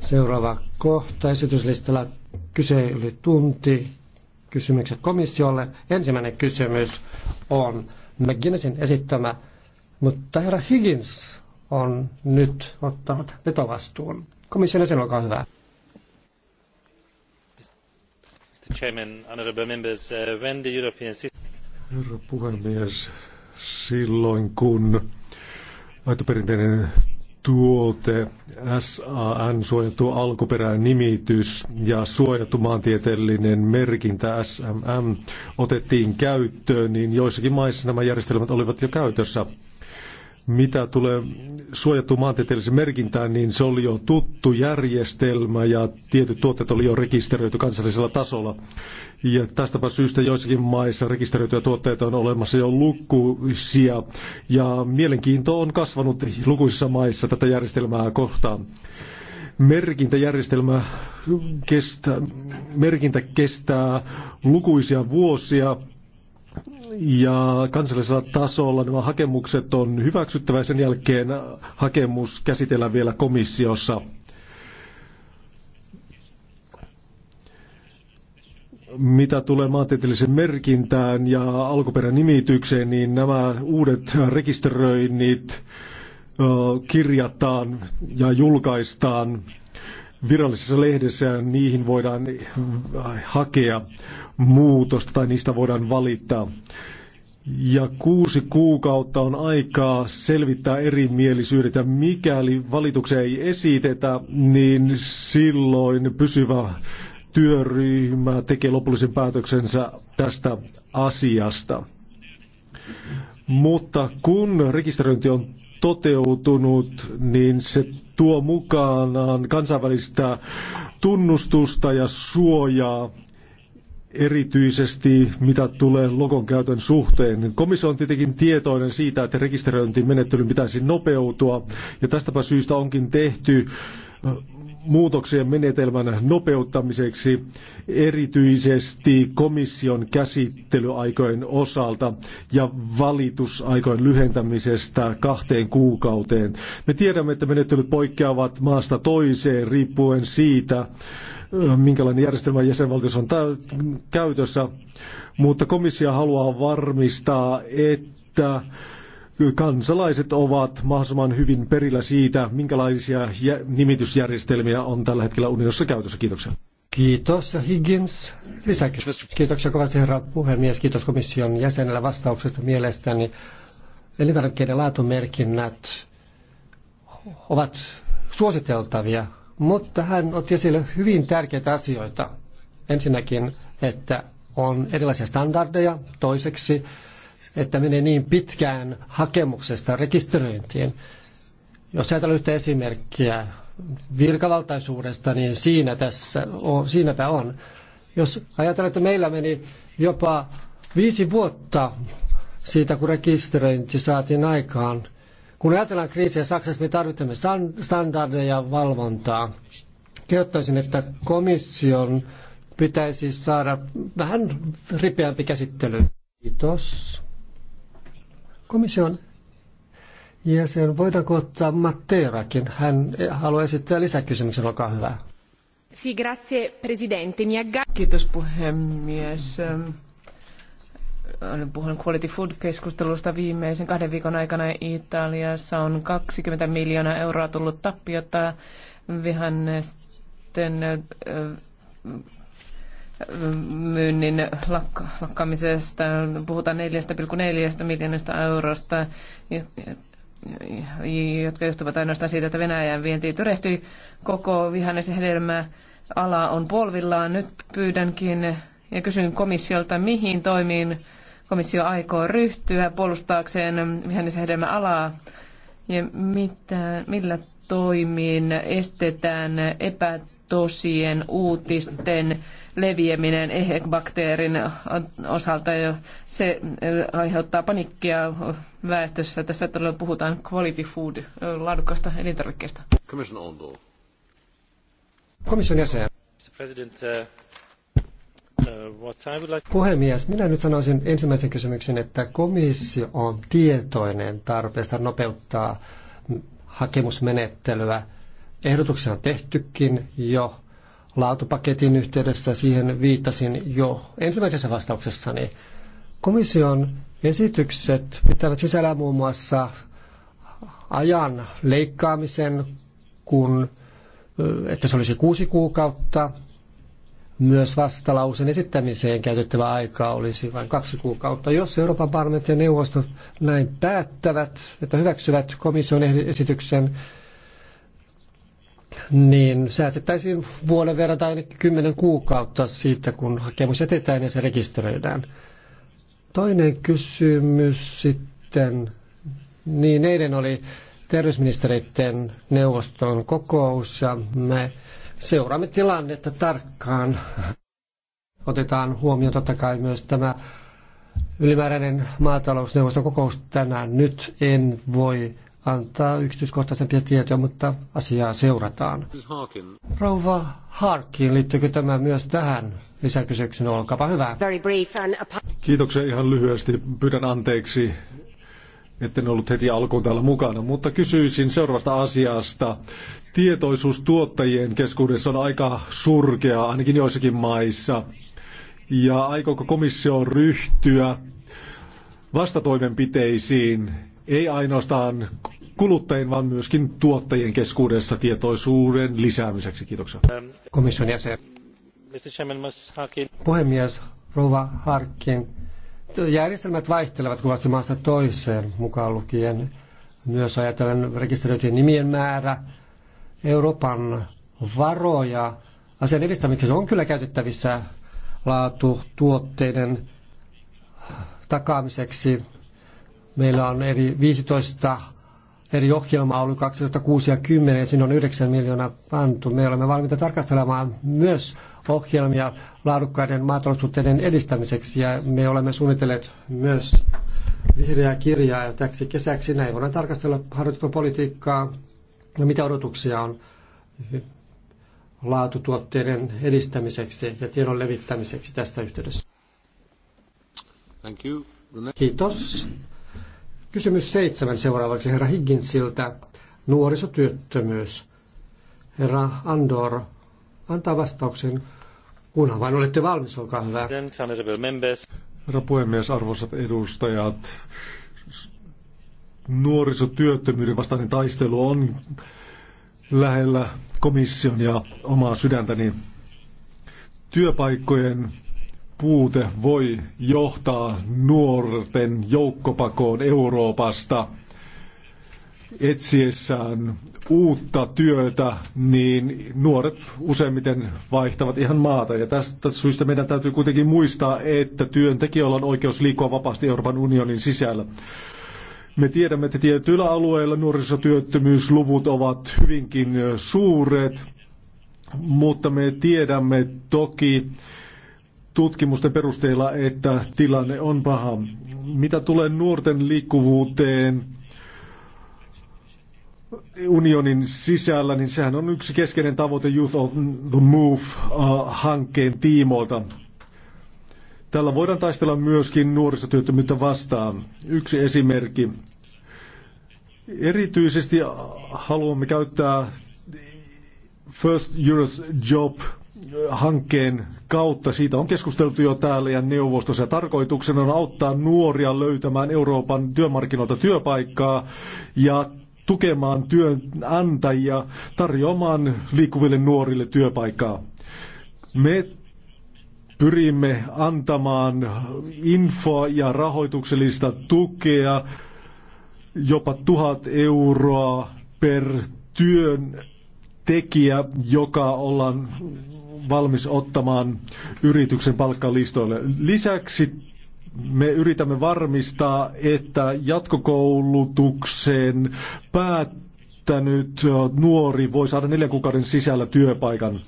Seuraava kohta esityslistalla kyselytunti. Kysymykset komissiolle. Ensimmäinen kysymys on McGinnisin esittämä, mutta herra Higgins on nyt ottanut vetovastuun. Komission jäsen, olkaa hyvä. Mr. Chairman, members, uh, when the European... Herra puhemies, silloin kun aito perinteinen tuote, SAN, suojattu alkuperäinen nimitys ja suojattu maantieteellinen merkintä SMM otettiin käyttöön, niin joissakin maissa nämä järjestelmät olivat jo käytössä. Mitä tulee suojattu maantieteelliseen merkintään, niin se oli jo tuttu järjestelmä ja tietyt tuotteet oli jo rekisteröity kansallisella tasolla. Ja tästäpä syystä joissakin maissa rekisteröityjä tuotteita on olemassa jo lukuisia. Ja mielenkiinto on kasvanut lukuisissa maissa tätä järjestelmää kohtaan merkintäjärjestelmä kestää merkintä kestää lukuisia vuosia ja kansallisella tasolla nämä hakemukset on hyväksyttävä ja sen jälkeen hakemus käsitellään vielä komissiossa. Mitä tulee maantieteelliseen merkintään ja alkuperänimitykseen, niin nämä uudet rekisteröinnit kirjataan ja julkaistaan virallisessa lehdessä niihin voidaan hakea muutosta tai niistä voidaan valittaa. Ja kuusi kuukautta on aikaa selvittää erimielisyydet ja mikäli valituksia ei esitetä, niin silloin pysyvä työryhmä tekee lopullisen päätöksensä tästä asiasta. Mutta kun rekisteröinti on toteutunut, niin se tuo mukanaan kansainvälistä tunnustusta ja suojaa erityisesti mitä tulee logon käytön suhteen. Komissio on tietenkin tietoinen siitä, että rekisteröintimenettelyn pitäisi nopeutua, ja tästäpä syystä onkin tehty muutoksien menetelmän nopeuttamiseksi erityisesti komission käsittelyaikojen osalta ja valitusaikojen lyhentämisestä kahteen kuukauteen. Me tiedämme, että menettelyt poikkeavat maasta toiseen riippuen siitä, minkälainen järjestelmä jäsenvaltiossa on käytössä, mutta komissio haluaa varmistaa, että kansalaiset ovat mahdollisimman hyvin perillä siitä, minkälaisia nimitysjärjestelmiä on tällä hetkellä unionissa käytössä. Kiitoksia. Kiitos Higgins. Lisäkysymys. Kiitoksia kovasti herra puhemies. Kiitos komission jäsenelle vastauksesta mielestäni. Elintarvikkeiden laatumerkinnät ovat suositeltavia, mutta hän otti esille hyvin tärkeitä asioita. Ensinnäkin, että on erilaisia standardeja. Toiseksi, että menee niin pitkään hakemuksesta rekisteröintiin. Jos ajatellaan yhtä esimerkkiä virkavaltaisuudesta, niin siinä tässä on, siinäpä on. Jos ajatellaan, että meillä meni jopa viisi vuotta siitä, kun rekisteröinti saatiin aikaan. Kun ajatellaan kriisiä Saksassa, me tarvitsemme standardeja ja valvontaa. Kehottaisin, että komission pitäisi saada vähän ripeämpi käsittely. Kiitos. Komission jäsen, voidaanko ottaa Matteerakin? Hän haluaa esittää lisäkysymyksen, olkaa hyvä. Si, grazie, presidente. Mi agga- Kiitos puhemies. Olen puhunut Quality Food-keskustelusta viimeisen kahden viikon aikana. Italiassa on 20 miljoonaa euroa tullut tappiota vihannesten myynnin lakka- lakkaamisesta. Puhutaan 4,4 miljoonasta eurosta, jotka johtuvat ainoastaan siitä, että Venäjän vienti tyrehtyi. Koko vihannes- hedelmää ala on polvillaan. Nyt pyydänkin ja kysyn komissiolta, mihin toimiin komissio aikoo ryhtyä puolustaakseen vihanneshedelmän alaa ja mitä, millä toimiin estetään epätosien uutisten leviäminen EHEC-bakteerin osalta. Ja se aiheuttaa panikkia väestössä. Tässä todella puhutaan quality food, laadukkaasta elintarvikkeesta. Komission jäsen. Uh, uh, Puhemies, minä nyt sanoisin ensimmäisen kysymyksen, että komissio on tietoinen tarpeesta nopeuttaa hakemusmenettelyä. Ehdotuksia on tehtykin jo laatupaketin yhteydessä, siihen viittasin jo ensimmäisessä vastauksessani. Komission esitykset pitävät sisällä muun muassa ajan leikkaamisen, kun, että se olisi kuusi kuukautta. Myös vastalausen esittämiseen käytettävä aika olisi vain kaksi kuukautta. Jos Euroopan parlamentin ja neuvosto näin päättävät, että hyväksyvät komission esityksen, niin säästettäisiin vuoden verran tai ainakin kymmenen kuukautta siitä, kun hakemus jätetään ja se rekisteröidään. Toinen kysymys sitten, niin eilen oli terveysministeriöiden neuvoston kokous ja me seuraamme tilannetta tarkkaan. Otetaan huomioon totta kai myös tämä ylimääräinen maatalousneuvoston kokous tänään. Nyt en voi antaa yksityiskohtaisen tietoja, mutta asiaa seurataan. Rouva Harkin, liittyykö tämä myös tähän lisäkysymykseen? Olkaapa hyvä. Kiitoksia ihan lyhyesti. Pyydän anteeksi, etten ollut heti alkuun täällä mukana, mutta kysyisin seuraavasta asiasta. Tietoisuus tuottajien keskuudessa on aika surkea, ainakin joissakin maissa. Ja aikooko komissio ryhtyä vastatoimenpiteisiin ei ainoastaan kuluttajien, vaan myöskin tuottajien keskuudessa tietoisuuden lisäämiseksi. Kiitoksia. Komission jäsen. Puhemies, Rova Harkin. Järjestelmät vaihtelevat kovasti maasta toiseen, mukaan lukien myös ajatellen rekisteröityjen nimien määrä. Euroopan varoja asian edistämiseksi on kyllä käytettävissä laatu tuotteiden takaamiseksi Meillä on eri 15 eri ohjelmaa ollut 2006 ja 2010, ja siinä on 9 miljoonaa pantu. Me olemme valmiita tarkastelemaan myös ohjelmia laadukkaiden maataloussuhteiden edistämiseksi ja me olemme suunnitelleet myös vihreää kirjaa täksi kesäksi. Näin voidaan tarkastella harjoituspolitiikkaa ja mitä odotuksia on laatutuotteiden edistämiseksi ja tiedon levittämiseksi tästä yhteydessä. Thank you. Kiitos. Kysymys seitsemän seuraavaksi herra Higginsiltä. Nuorisotyöttömyys. Herra Andor antaa vastauksen, kunhan vain olette valmis, olkaa hyvä. Herra puhemies, arvoisat edustajat, nuorisotyöttömyyden vastainen taistelu on lähellä komission ja omaa sydäntäni. Työpaikkojen puute voi johtaa nuorten joukkopakoon Euroopasta etsiessään uutta työtä, niin nuoret useimmiten vaihtavat ihan maata. Ja tästä syystä meidän täytyy kuitenkin muistaa, että työntekijöillä on oikeus liikkua vapaasti Euroopan unionin sisällä. Me tiedämme, että tietyillä alueilla nuorisotyöttömyysluvut ovat hyvinkin suuret, mutta me tiedämme toki, tutkimusten perusteella, että tilanne on paha. Mitä tulee nuorten liikkuvuuteen unionin sisällä, niin sehän on yksi keskeinen tavoite Youth of the Move-hankkeen äh, tiimoilta. Tällä voidaan taistella myöskin nuorisotyöttömyyttä vastaan. Yksi esimerkki. Erityisesti haluamme käyttää First Euro's Job hankkeen kautta. Siitä on keskusteltu jo täällä ja neuvostossa. Tarkoituksena on auttaa nuoria löytämään Euroopan työmarkkinoilta työpaikkaa ja tukemaan työnantajia tarjoamaan liikkuville nuorille työpaikkaa. Me pyrimme antamaan infoa ja rahoituksellista tukea jopa tuhat euroa per työn tekijä, joka ollaan valmis ottamaan yrityksen palkkalistoille. Lisäksi me yritämme varmistaa, että jatkokoulutuksen päättänyt nuori voi saada neljän kuukauden sisällä työpaikan.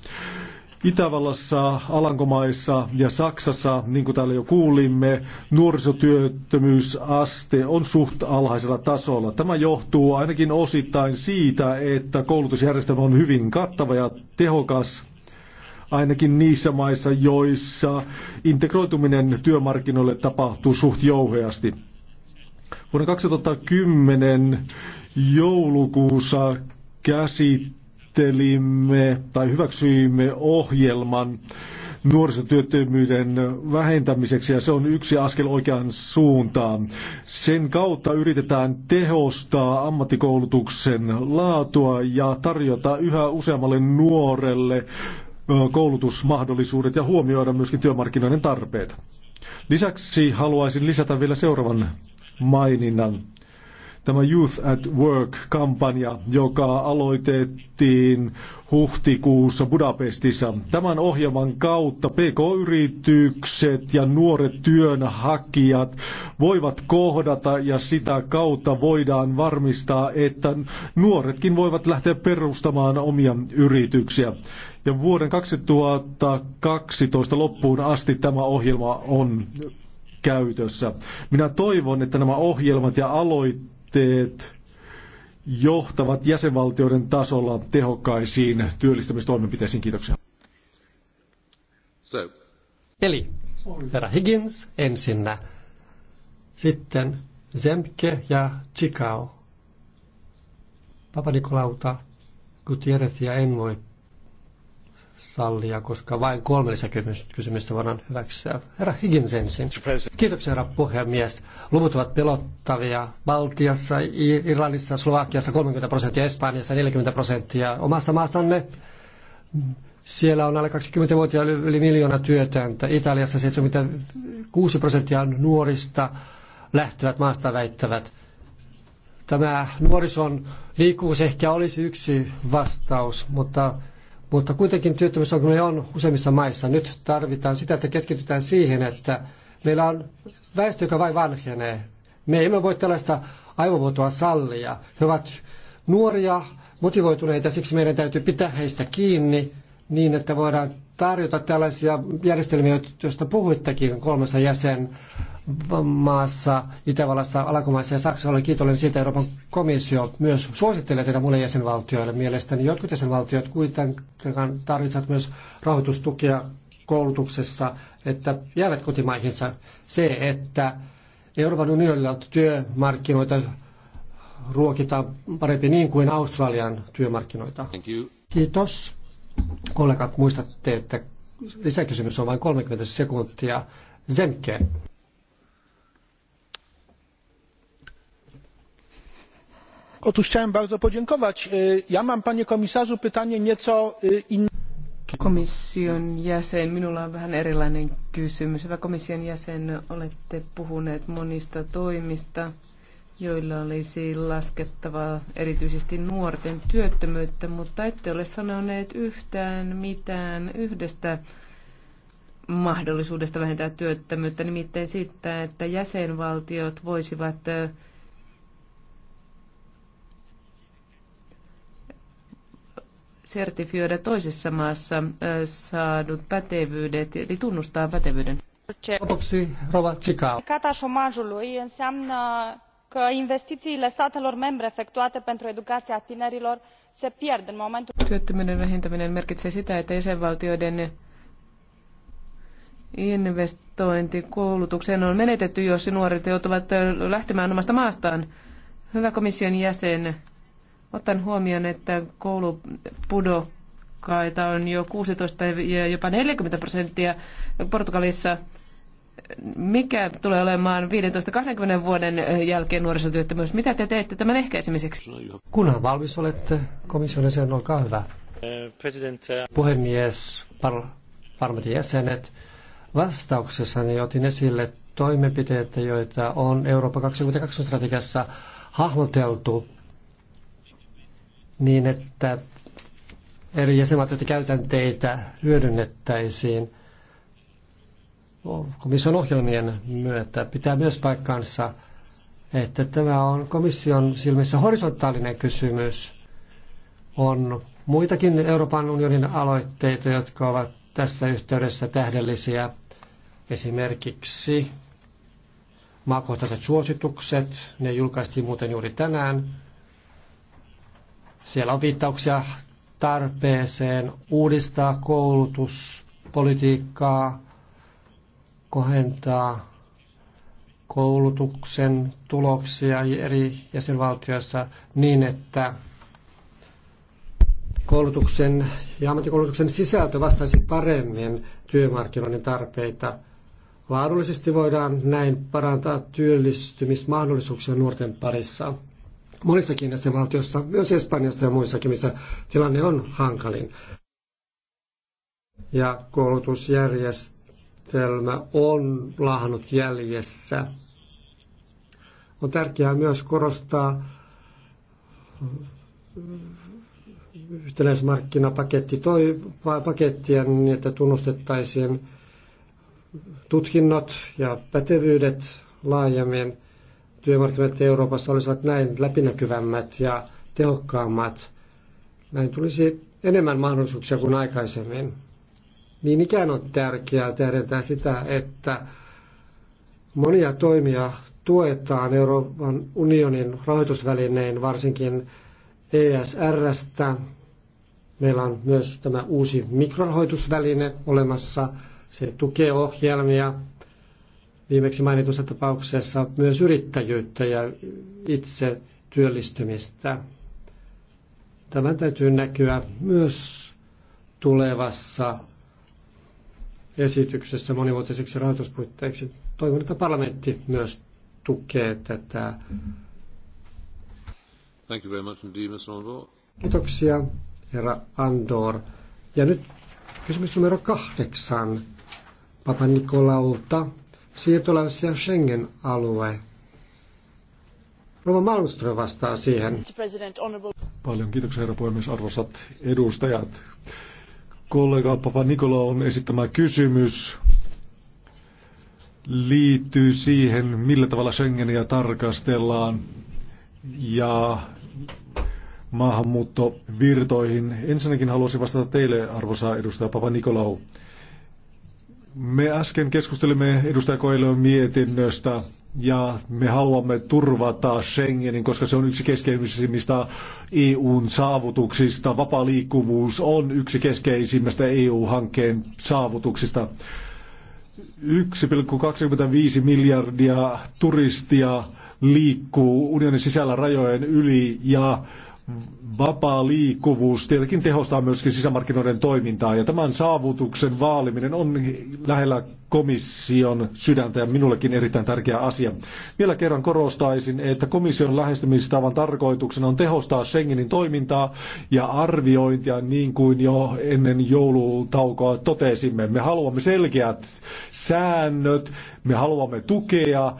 Itävallassa, Alankomaissa ja Saksassa, niin kuin täällä jo kuulimme, nuorisotyöttömyysaste on suht alhaisella tasolla. Tämä johtuu ainakin osittain siitä, että koulutusjärjestelmä on hyvin kattava ja tehokas ainakin niissä maissa, joissa integroituminen työmarkkinoille tapahtuu suht jouheasti. Vuonna 2010 joulukuussa käsittelimme tai hyväksyimme ohjelman nuorisotyöttömyyden vähentämiseksi ja se on yksi askel oikeaan suuntaan. Sen kautta yritetään tehostaa ammattikoulutuksen laatua ja tarjota yhä useammalle nuorelle koulutusmahdollisuudet ja huomioida myöskin työmarkkinoiden tarpeet. Lisäksi haluaisin lisätä vielä seuraavan maininnan. Tämä Youth at Work-kampanja, joka aloitettiin huhtikuussa Budapestissa. Tämän ohjelman kautta PK-yritykset ja nuoret työnhakijat voivat kohdata ja sitä kautta voidaan varmistaa, että nuoretkin voivat lähteä perustamaan omia yrityksiä. Ja vuoden 2012 loppuun asti tämä ohjelma on käytössä. Minä toivon, että nämä ohjelmat ja aloitteet johtavat jäsenvaltioiden tasolla tehokkaisiin työllistämistoimenpiteisiin. Kiitoksia. So. Eli herra Higgins ensinnä, sitten Zemke ja Chikao. Papa Nikolauta, Gutierrez ja Envoi sallia, koska vain kolme lisäkysymystä voidaan hyväksyä. Herra Higgins ensin. Kiitoksia, herra puhemies. Luvut ovat pelottavia. Baltiassa, Irlannissa, Slovakiassa 30 prosenttia, Espanjassa 40 prosenttia. Omasta maastanne siellä on alle 20-vuotiailla yli miljoona työtäntä. Italiassa 76 prosenttia nuorista lähtevät maasta väittävät. Tämä nuorison liikkuvuus ehkä olisi yksi vastaus, mutta mutta kuitenkin työttömyysongelmia on useimmissa maissa. Nyt tarvitaan sitä, että keskitytään siihen, että meillä on väestö, joka vain vanhenee. Me emme voi tällaista aivovuotoa sallia. He ovat nuoria, motivoituneita, siksi meidän täytyy pitää heistä kiinni niin, että voidaan tarjota tällaisia järjestelmiä, joista puhuittekin kolmessa jäsen maassa, Itävallassa, Alankomaissa ja Saksassa. Olen kiitollinen siitä Euroopan komissio myös suosittelee tätä muille jäsenvaltioille. Mielestäni jotkut jäsenvaltiot kuitenkaan tarvitsevat myös rahoitustukea koulutuksessa, että jäävät kotimaihinsa. Se, että Euroopan unionilla työmarkkinoita ruokita parempi niin kuin Australian työmarkkinoita. Kiitos. Kollegat, muistatte, että lisäkysymys on vain 30 sekuntia. Zemke. chciałem bardzo podziękować. E, ja mam panie komisarzu pytanie nieco e, inne. Komission jäsen, minulla on vähän erilainen kysymys. Hyvä komission jäsen, olette puhuneet monista toimista, joilla olisi laskettava erityisesti nuorten työttömyyttä, mutta ette ole sanoneet yhtään mitään yhdestä mahdollisuudesta vähentää työttömyyttä, nimittäin siitä, että jäsenvaltiot voisivat sertifioida toisessa maassa saadut pätevyydet, eli tunnustaa pätevyyden. Lopuksi Rova Tsikau. Cata șomajului înseamnă că investițiile statelor membre efectuate pentru educația tinerilor se pierd în momentul... Työttömyyden vähentäminen merkitsee sitä, että jäsenvaltioiden investointi koulutukseen on menetetty, jos nuoret joutuvat lähtemään omasta maastaan. Hyvä komission jäsen, Otan huomioon, että koulupudokkaita on jo 16 ja jopa 40 prosenttia Portugalissa. Mikä tulee olemaan 15-20 vuoden jälkeen nuorisotyöttömyys? Mitä te teette tämän ehkäisemiseksi? Kunhan valmis olette, komission jäsen, olkaa hyvä. Puhemies, par- parlamentin jäsenet, vastauksessani otin esille toimenpiteitä, joita on Eurooppa 2020 strategiassa hahmoteltu niin, että eri jäsenvaltioiden käytänteitä hyödynnettäisiin komission ohjelmien myötä. Pitää myös paikkansa, että tämä on komission silmissä horisontaalinen kysymys. On muitakin Euroopan unionin aloitteita, jotka ovat tässä yhteydessä tähdellisiä. Esimerkiksi maakohtaiset suositukset, ne julkaistiin muuten juuri tänään. Siellä on viittauksia tarpeeseen uudistaa koulutuspolitiikkaa, kohentaa koulutuksen tuloksia eri jäsenvaltioissa niin, että koulutuksen ja ammattikoulutuksen sisältö vastaisi paremmin työmarkkinoiden tarpeita. Laadullisesti voidaan näin parantaa työllistymismahdollisuuksia nuorten parissa monissakin valtioissa, myös Espanjassa ja muissakin, missä tilanne on hankalin. Ja koulutusjärjestelmä on lahannut jäljessä. On tärkeää myös korostaa yhtenäismarkkinapaketti pakettia niin, että tunnustettaisiin tutkinnot ja pätevyydet laajemmin – työmarkkinat Euroopassa olisivat näin läpinäkyvämmät ja tehokkaammat. Näin tulisi enemmän mahdollisuuksia kuin aikaisemmin. Niin ikään on tärkeää tähdentää sitä, että monia toimia tuetaan Euroopan unionin rahoitusvälineen, varsinkin ESRstä. Meillä on myös tämä uusi mikrorahoitusväline olemassa. Se tukee ohjelmia, viimeksi mainitussa tapauksessa myös yrittäjyyttä ja itse työllistymistä. Tämän täytyy näkyä myös tulevassa esityksessä monivuotiseksi rahoituspuitteiksi. Toivon, että parlamentti myös tukee tätä. Thank you very much indeed, Mr. Andor. Kiitoksia, herra Andor. Ja nyt kysymys numero kahdeksan Papa Nikolaulta siirtolaisuus ja Schengen-alue. Rova Malmström vastaa siihen. Paljon kiitoksia herra puhemies, arvoisat edustajat. Kollega Papa Nikola on esittämä kysymys liittyy siihen, millä tavalla Schengenia tarkastellaan ja maahanmuuttovirtoihin. Ensinnäkin haluaisin vastata teille, arvoisa edustaja Papa Nikolau. Me äsken keskustelimme edustaja Koelion mietinnöstä ja me haluamme turvata Schengenin, koska se on yksi keskeisimmistä EUn saavutuksista. Vapaa liikkuvuus on yksi keskeisimmistä EU-hankkeen saavutuksista. 1,25 miljardia turistia liikkuu unionin sisällä rajojen yli ja Vapaa liikkuvuus tietenkin tehostaa myöskin sisämarkkinoiden toimintaa ja tämän saavutuksen vaaliminen on lähellä komission sydäntä ja minullekin erittäin tärkeä asia. Vielä kerran korostaisin, että komission lähestymistavan tarkoituksena on tehostaa Schengenin toimintaa ja arviointia niin kuin jo ennen joulutaukoa totesimme. Me haluamme selkeät säännöt, me haluamme tukea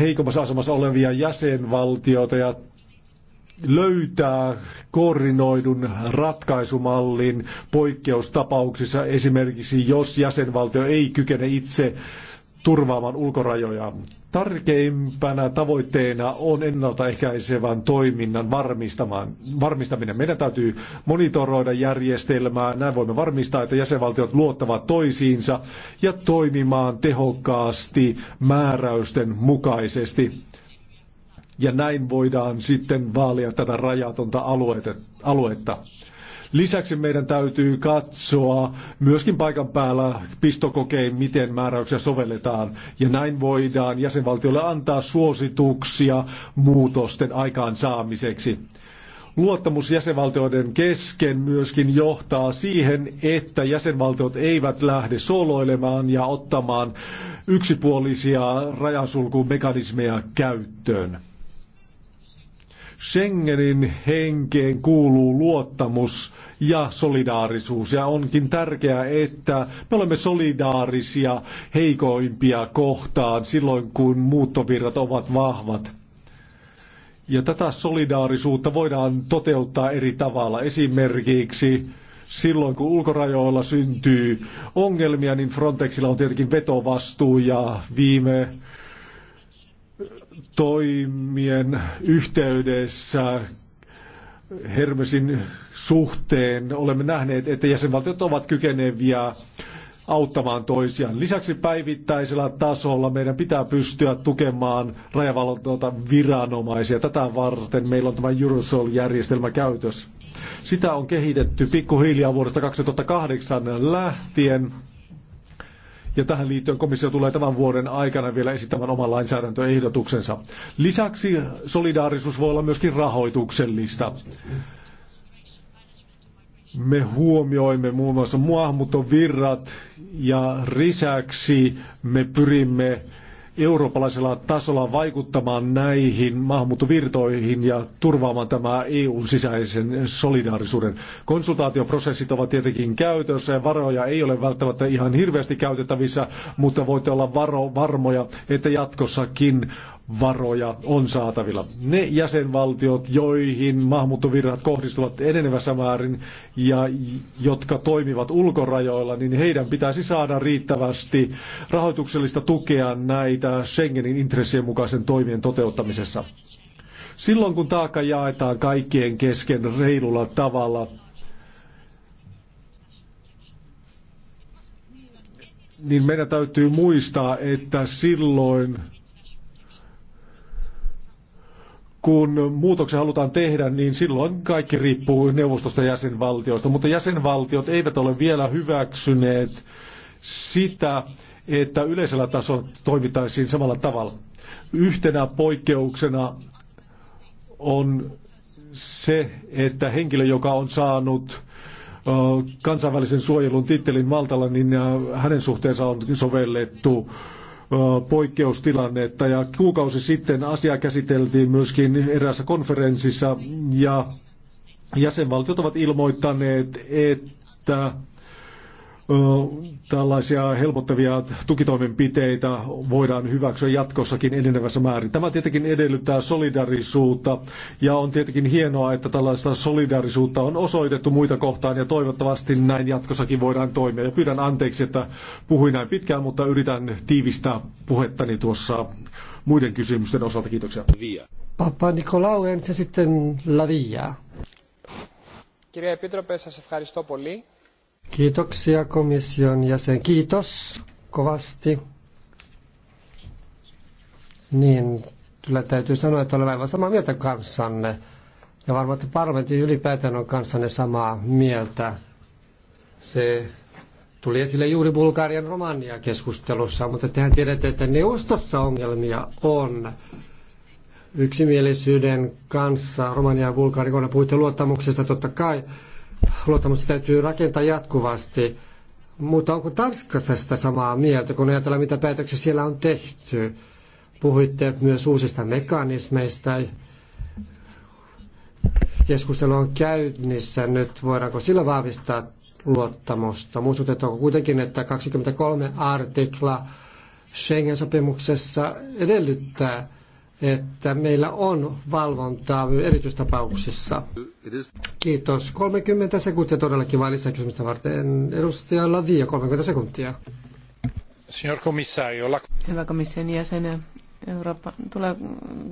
heikommassa asemassa olevia jäsenvaltioita ja löytää koordinoidun ratkaisumallin poikkeustapauksissa, esimerkiksi jos jäsenvaltio ei kykene itse turvaamaan ulkorajoja. Tärkeimpänä tavoitteena on ennaltaehkäisevän toiminnan varmistaminen. Meidän täytyy monitoroida järjestelmää, näin voimme varmistaa, että jäsenvaltiot luottavat toisiinsa ja toimimaan tehokkaasti määräysten mukaisesti ja näin voidaan sitten vaalia tätä rajatonta aluetta. Lisäksi meidän täytyy katsoa myöskin paikan päällä pistokokein, miten määräyksiä sovelletaan. Ja näin voidaan jäsenvaltiolle antaa suosituksia muutosten aikaansaamiseksi. Luottamus jäsenvaltioiden kesken myöskin johtaa siihen, että jäsenvaltiot eivät lähde soloilemaan ja ottamaan yksipuolisia rajansulkumekanismeja käyttöön. Schengenin henkeen kuuluu luottamus ja solidaarisuus. Ja onkin tärkeää, että me olemme solidaarisia heikoimpia kohtaan silloin, kun muuttovirrat ovat vahvat. Ja tätä solidaarisuutta voidaan toteuttaa eri tavalla. Esimerkiksi silloin, kun ulkorajoilla syntyy ongelmia, niin Frontexilla on tietenkin vetovastuu ja viime toimien yhteydessä Hermesin suhteen olemme nähneet, että jäsenvaltiot ovat kykeneviä auttamaan toisiaan. Lisäksi päivittäisellä tasolla meidän pitää pystyä tukemaan rajavalvontaa viranomaisia. Tätä varten meillä on tämä Eurosol-järjestelmä käytössä. Sitä on kehitetty pikkuhiljaa vuodesta 2008 lähtien ja tähän liittyen komissio tulee tämän vuoden aikana vielä esittämään oman lainsäädäntöehdotuksensa. Lisäksi solidaarisuus voi olla myöskin rahoituksellista. Me huomioimme muun muassa virrat ja lisäksi me pyrimme eurooppalaisella tasolla vaikuttamaan näihin maahanmuuttovirtoihin ja turvaamaan tämä EUn sisäisen solidaarisuuden. Konsultaatioprosessit ovat tietenkin käytössä ja varoja ei ole välttämättä ihan hirveästi käytettävissä, mutta voitte olla varo, varmoja, että jatkossakin varoja on saatavilla. Ne jäsenvaltiot, joihin maahanmuuttovirrat kohdistuvat enenevässä määrin ja jotka toimivat ulkorajoilla, niin heidän pitäisi saada riittävästi rahoituksellista tukea näitä Schengenin intressien mukaisen toimien toteuttamisessa. Silloin kun taakka jaetaan kaikkien kesken reilulla tavalla, niin meidän täytyy muistaa, että silloin kun muutoksia halutaan tehdä, niin silloin kaikki riippuu neuvostosta jäsenvaltioista, mutta jäsenvaltiot eivät ole vielä hyväksyneet sitä, että yleisellä tasolla toimittaisiin samalla tavalla. Yhtenä poikkeuksena on se, että henkilö, joka on saanut kansainvälisen suojelun tittelin Maltalla, niin hänen suhteensa on sovellettu poikkeustilannetta ja kuukausi sitten asia käsiteltiin myöskin eräässä konferenssissa ja jäsenvaltiot ovat ilmoittaneet, että tällaisia helpottavia tukitoimenpiteitä voidaan hyväksyä jatkossakin enenevässä määrin. Tämä tietenkin edellyttää solidarisuutta ja on tietenkin hienoa, että tällaista solidarisuutta on osoitettu muita kohtaan ja toivottavasti näin jatkossakin voidaan toimia. Ja pyydän anteeksi, että puhuin näin pitkään, mutta yritän tiivistää puhettani tuossa muiden kysymysten osalta. Kiitoksia. Papa Nikolaou, entä sitten Lavia? Kirja Epitrope, σας ευχαριστώ πολύ. Kiitoksia komission jäsen. Kiitos kovasti. Niin, kyllä täytyy sanoa, että olen aivan samaa mieltä kanssanne. Ja varmaan, että parlamentti ylipäätään on kanssanne samaa mieltä. Se tuli esille juuri Bulgarian Romania keskustelussa, mutta tehän tiedätte, että neuvostossa ongelmia on yksimielisyyden kanssa Romania ja Bulgarian puhuitte luottamuksesta totta kai luottamusta täytyy rakentaa jatkuvasti. Mutta onko Tanskassa sitä samaa mieltä, kun ajatellaan mitä päätöksiä siellä on tehty? Puhuitte myös uusista mekanismeista. Keskustelu on käynnissä nyt. Voidaanko sillä vahvistaa luottamusta? Muistutetaanko kuitenkin, että 23 artikla Schengen-sopimuksessa edellyttää, että meillä on valvontaa erityistapauksissa. Kiitos. 30 sekuntia todellakin vain lisäkysymystä varten. Edustaja Lavia, 30 sekuntia. Signor commissario, Hyvä komission jäsen. Euroopan, tulee,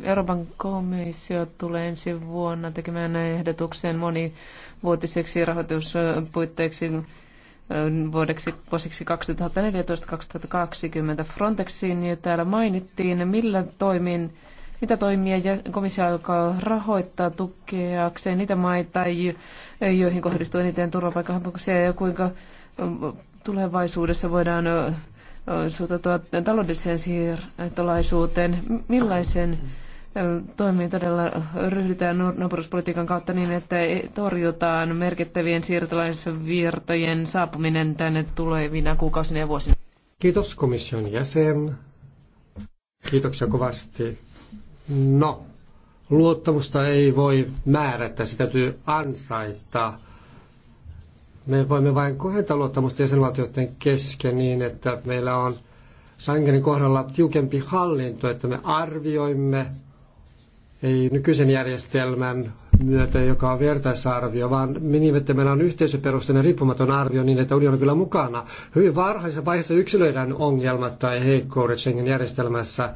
Euroopan komissio tulee ensi vuonna tekemään ehdotuksen monivuotiseksi rahoituspuitteiksi vuodeksi, vuosiksi 2014-2020 Frontexiin. Ja täällä mainittiin, millä toimin mitä toimia komissio alkaa rahoittaa tukeakseen niitä maita, joihin kohdistuu eniten turvapaikanhakemuksia ja kuinka um, tulevaisuudessa voidaan uh, uh, suhtautua taloudelliseen siirtolaisuuteen. Millaisen uh, toimiin todella ryhdytään naapuruspolitiikan kautta niin, että e- torjutaan merkittävien siirtolaisvirtojen saapuminen tänne tulevina kuukausina ja vuosina? Kiitos komission jäsen. Kiitoksia kovasti No, luottamusta ei voi määrätä, sitä täytyy ansaita. Me voimme vain kohentaa luottamusta jäsenvaltioiden kesken niin, että meillä on Sangerin kohdalla tiukempi hallinto, että me arvioimme ei nykyisen järjestelmän myötä, joka on vertaisarvio, vaan niin, että meillä on yhteisöperusteinen riippumaton arvio niin, että unioni on kyllä mukana. Hyvin varhaisessa vaiheessa yksilöidään ongelmat tai heikkoudet Schengen järjestelmässä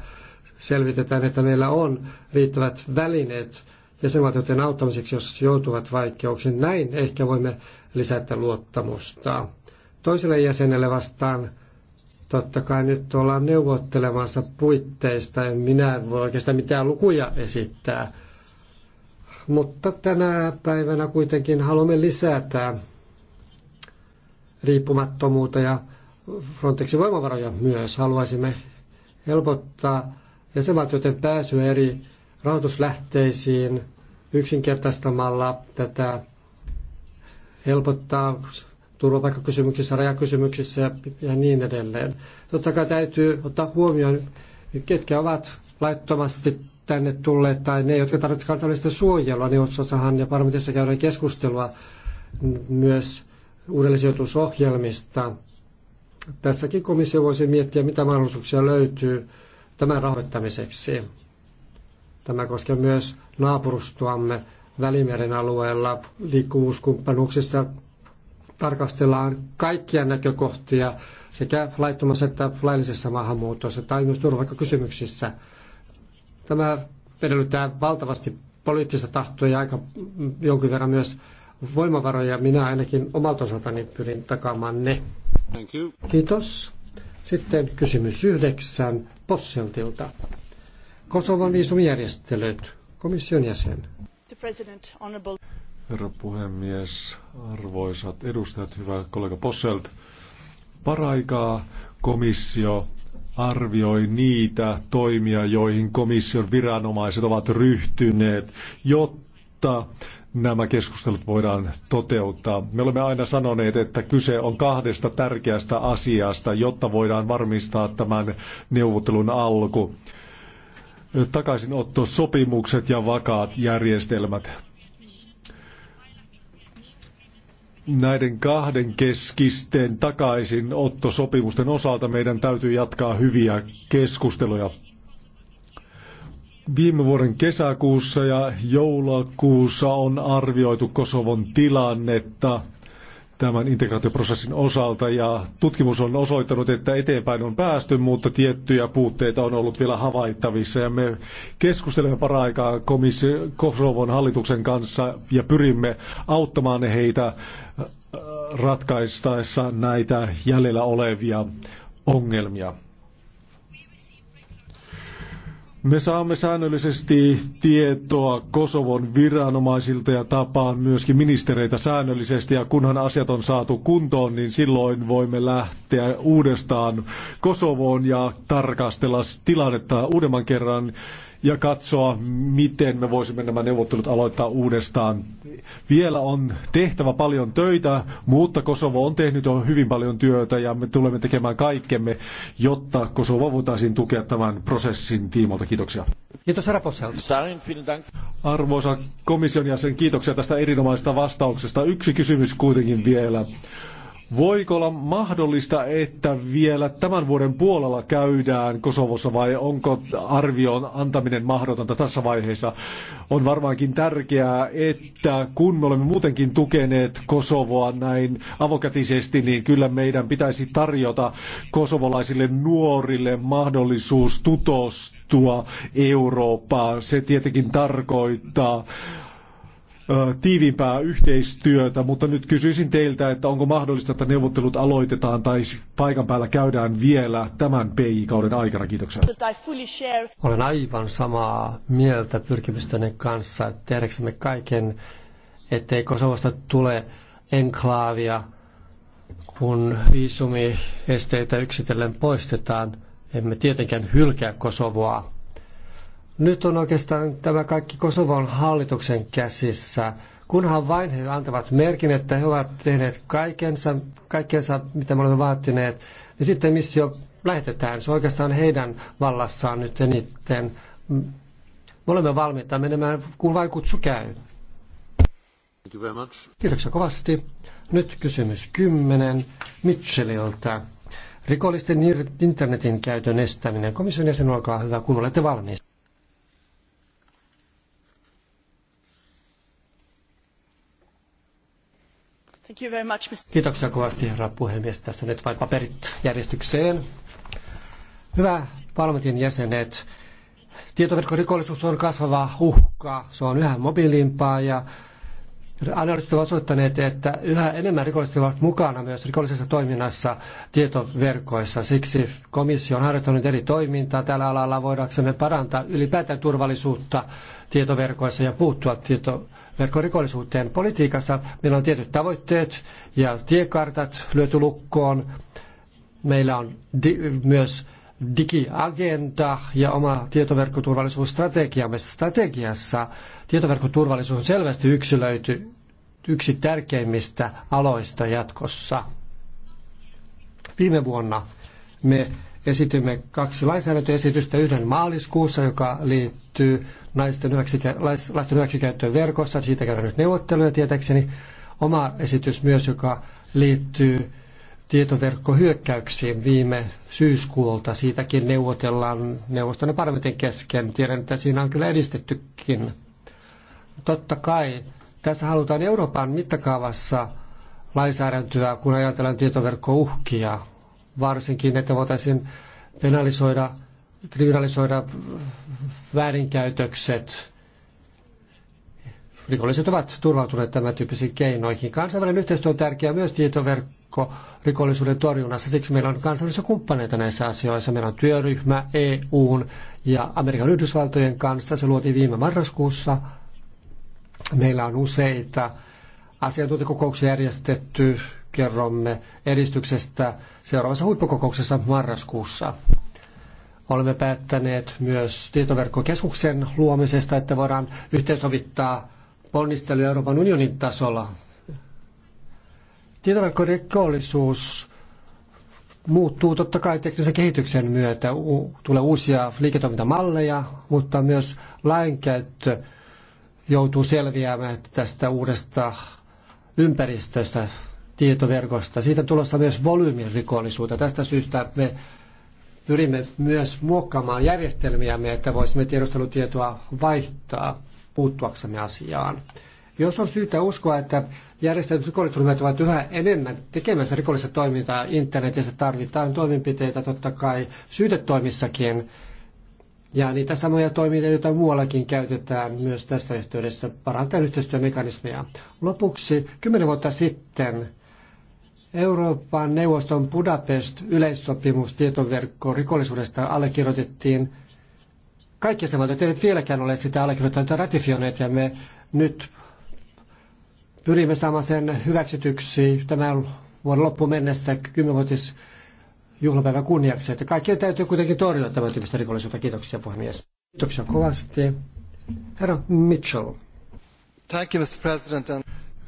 selvitetään, että meillä on riittävät välineet jäsenvaltioiden auttamiseksi, jos joutuvat vaikeuksiin. Näin ehkä voimme lisätä luottamusta. Toiselle jäsenelle vastaan totta kai nyt ollaan neuvottelemassa puitteista. En minä voi oikeastaan mitään lukuja esittää. Mutta tänä päivänä kuitenkin haluamme lisätä riippumattomuutta ja Frontexin voimavaroja myös. Haluaisimme helpottaa joten pääsyä eri rahoituslähteisiin yksinkertaistamalla tätä helpottaa turvapaikkakysymyksissä, rajakysymyksissä ja niin edelleen. Totta kai täytyy ottaa huomioon, ketkä ovat laittomasti tänne tulleet tai ne, jotka tarvitsevat kansainvälistä suojelua. Neuvostossahan niin ja parlamentissa käydään keskustelua myös uudellisijoitusohjelmista. Tässäkin komissio voisi miettiä, mitä mahdollisuuksia löytyy tämän rahoittamiseksi. Tämä koskee myös naapurustuamme Välimeren alueella liikkuvuuskumppanuuksissa tarkastellaan kaikkia näkökohtia sekä laittomassa että laillisessa maahanmuutossa tai myös turvapaikkakysymyksissä. Tämä edellyttää valtavasti poliittista tahtoa ja aika jonkin verran myös voimavaroja. Minä ainakin omalta osaltani pyrin takaamaan ne. Kiitos. Sitten kysymys yhdeksän. Posseltilta. Kosovan viisumijärjestelyt. Komission jäsen. Herra puhemies, arvoisat edustajat, hyvä kollega Posselt. Paraikaa komissio arvioi niitä toimia, joihin komission viranomaiset ovat ryhtyneet, jotta nämä keskustelut voidaan toteuttaa. Me olemme aina sanoneet, että kyse on kahdesta tärkeästä asiasta, jotta voidaan varmistaa tämän neuvottelun alku. Takaisinotto sopimukset ja vakaat järjestelmät. Näiden kahden keskisten takaisinottosopimusten osalta meidän täytyy jatkaa hyviä keskusteluja. Viime vuoden kesäkuussa ja joulukuussa on arvioitu Kosovon tilannetta tämän integraatioprosessin osalta ja tutkimus on osoittanut, että eteenpäin on päästy, mutta tiettyjä puutteita on ollut vielä havaittavissa ja me keskustelemme paraikaa komissio, Kosovon hallituksen kanssa ja pyrimme auttamaan heitä äh, äh, ratkaistaessa näitä jäljellä olevia ongelmia. Me saamme säännöllisesti tietoa Kosovon viranomaisilta ja tapaan myöskin ministereitä säännöllisesti ja kunhan asiat on saatu kuntoon, niin silloin voimme lähteä uudestaan Kosovoon ja tarkastella tilannetta uudemman kerran ja katsoa, miten me voisimme nämä neuvottelut aloittaa uudestaan. Vielä on tehtävä paljon töitä, mutta Kosovo on tehnyt jo hyvin paljon työtä ja me tulemme tekemään kaikkemme, jotta Kosovo voitaisiin tukea tämän prosessin tiimolta. Kiitoksia. Kiitos herra Arvoisa komission jäsen, kiitoksia tästä erinomaisesta vastauksesta. Yksi kysymys kuitenkin vielä. Voiko olla mahdollista, että vielä tämän vuoden puolella käydään Kosovossa vai onko arvion antaminen mahdotonta tässä vaiheessa? On varmaankin tärkeää, että kun me olemme muutenkin tukeneet Kosovoa näin avokätisesti, niin kyllä meidän pitäisi tarjota kosovolaisille nuorille mahdollisuus tutostua Eurooppaan. Se tietenkin tarkoittaa tiiviimpää yhteistyötä, mutta nyt kysyisin teiltä, että onko mahdollista, että neuvottelut aloitetaan tai paikan päällä käydään vielä tämän PI-kauden aikana. Kiitoksia. Olen aivan samaa mieltä pyrkimystänne kanssa, että tehdäksemme kaiken, ettei Kosovosta tule enklaavia, kun viisumiesteitä yksitellen poistetaan. Emme tietenkään hylkää Kosovoa, nyt on oikeastaan tämä kaikki Kosovon hallituksen käsissä, kunhan vain he antavat merkin, että he ovat tehneet kaikensa, kaikensa mitä me olemme vaatineet, ja niin sitten missio lähetetään. Se on oikeastaan heidän vallassaan nyt eniten. Me olemme valmiita menemään, kun vain kutsu käy. Kiitoksia kovasti. Nyt kysymys 10 Mitchelliltä. Rikollisten internetin käytön estäminen. Komission jäsen, olkaa hyvä, kun olette valmiita. Kiitoksia kovasti, herra puhemies. Tässä nyt vain paperit järjestykseen. Hyvä parlamentin jäsenet. Tietoverkkorikollisuus on kasvava uhka. Se on yhä mobiilimpaa ja Analyysit ovat osoittaneet, että yhä enemmän rikolliset ovat mukana myös rikollisessa toiminnassa tietoverkoissa. Siksi komissio on harjoittanut eri toimintaa tällä alalla voidaksemme parantaa ylipäätään turvallisuutta tietoverkoissa ja puuttua tietoverkkorikollisuuteen. Politiikassa meillä on tietyt tavoitteet ja tiekartat lyöty lukkoon. Meillä on myös digiagenda ja oma tietoverkkoturvallisuusstrategiamme strategiassa tietoverkkoturvallisuus on selvästi yksilöity yksi tärkeimmistä aloista jatkossa. Viime vuonna me esitimme kaksi lainsäädäntöesitystä, yhden maaliskuussa, joka liittyy naisten hyväksikä, lasten hyväksikäyttöön verkossa, siitä käydään nyt neuvotteluja tietääkseni, oma esitys myös, joka liittyy tietoverkkohyökkäyksiin viime syyskuulta. Siitäkin neuvotellaan neuvoston ja parlamentin kesken. Tiedän, että siinä on kyllä edistettykin. Totta kai tässä halutaan Euroopan mittakaavassa lainsäädäntöä, kun ajatellaan tietoverkkouhkia. Varsinkin, että voitaisiin penalisoida, kriminalisoida väärinkäytökset. Rikolliset ovat turvautuneet tämän tyyppisiin keinoihin. Kansainvälinen yhteistyö on tärkeää myös tietoverkko Rikollisuuden torjunnassa. Siksi meillä on kansallisia kumppaneita näissä asioissa. Meillä on työryhmä EUn ja Amerikan Yhdysvaltojen kanssa. Se luotiin viime marraskuussa. Meillä on useita asiantuntijakokouksia järjestetty. Kerromme edistyksestä seuraavassa huippukokouksessa marraskuussa. Olemme päättäneet myös tietoverkkokeskuksen luomisesta, että voidaan yhteensovittaa ponnistelu Euroopan unionin tasolla Tietoverkkorikollisuus muuttuu totta kai teknisen kehityksen myötä. tulee uusia liiketoimintamalleja, mutta myös lainkäyttö joutuu selviämään tästä uudesta ympäristöstä, tietoverkosta. Siitä on tulossa myös volyymin rikollisuutta. Tästä syystä me pyrimme myös muokkaamaan järjestelmiämme, että voisimme tiedustelutietoa vaihtaa puuttuaksemme asiaan. Jos on syytä uskoa, että järjestäytynyt rikollisryhmät ovat yhä enemmän tekemässä rikollista toimintaa internetissä. Tarvitaan toimenpiteitä totta kai syytetoimissakin. Ja niitä samoja toimia, joita muuallakin käytetään myös tästä yhteydessä, parantaa yhteistyömekanismeja. Lopuksi, kymmenen vuotta sitten Euroopan neuvoston Budapest-yleissopimus tietoverkko rikollisuudesta allekirjoitettiin. Kaikki jäsenvaltiot eivät vieläkään ole sitä allekirjoittaneet ja ratifioineet, ja me nyt pyrimme saamaan sen hyväksytyksi tämän vuoden loppuun mennessä kymmenvuotis juhlapäivän kunniaksi. Että kaikkien täytyy kuitenkin torjua tämän tyyppistä rikollisuutta. Kiitoksia puhemies. Kiitoksia kovasti. Herra Mitchell. Thank you, Mr. President.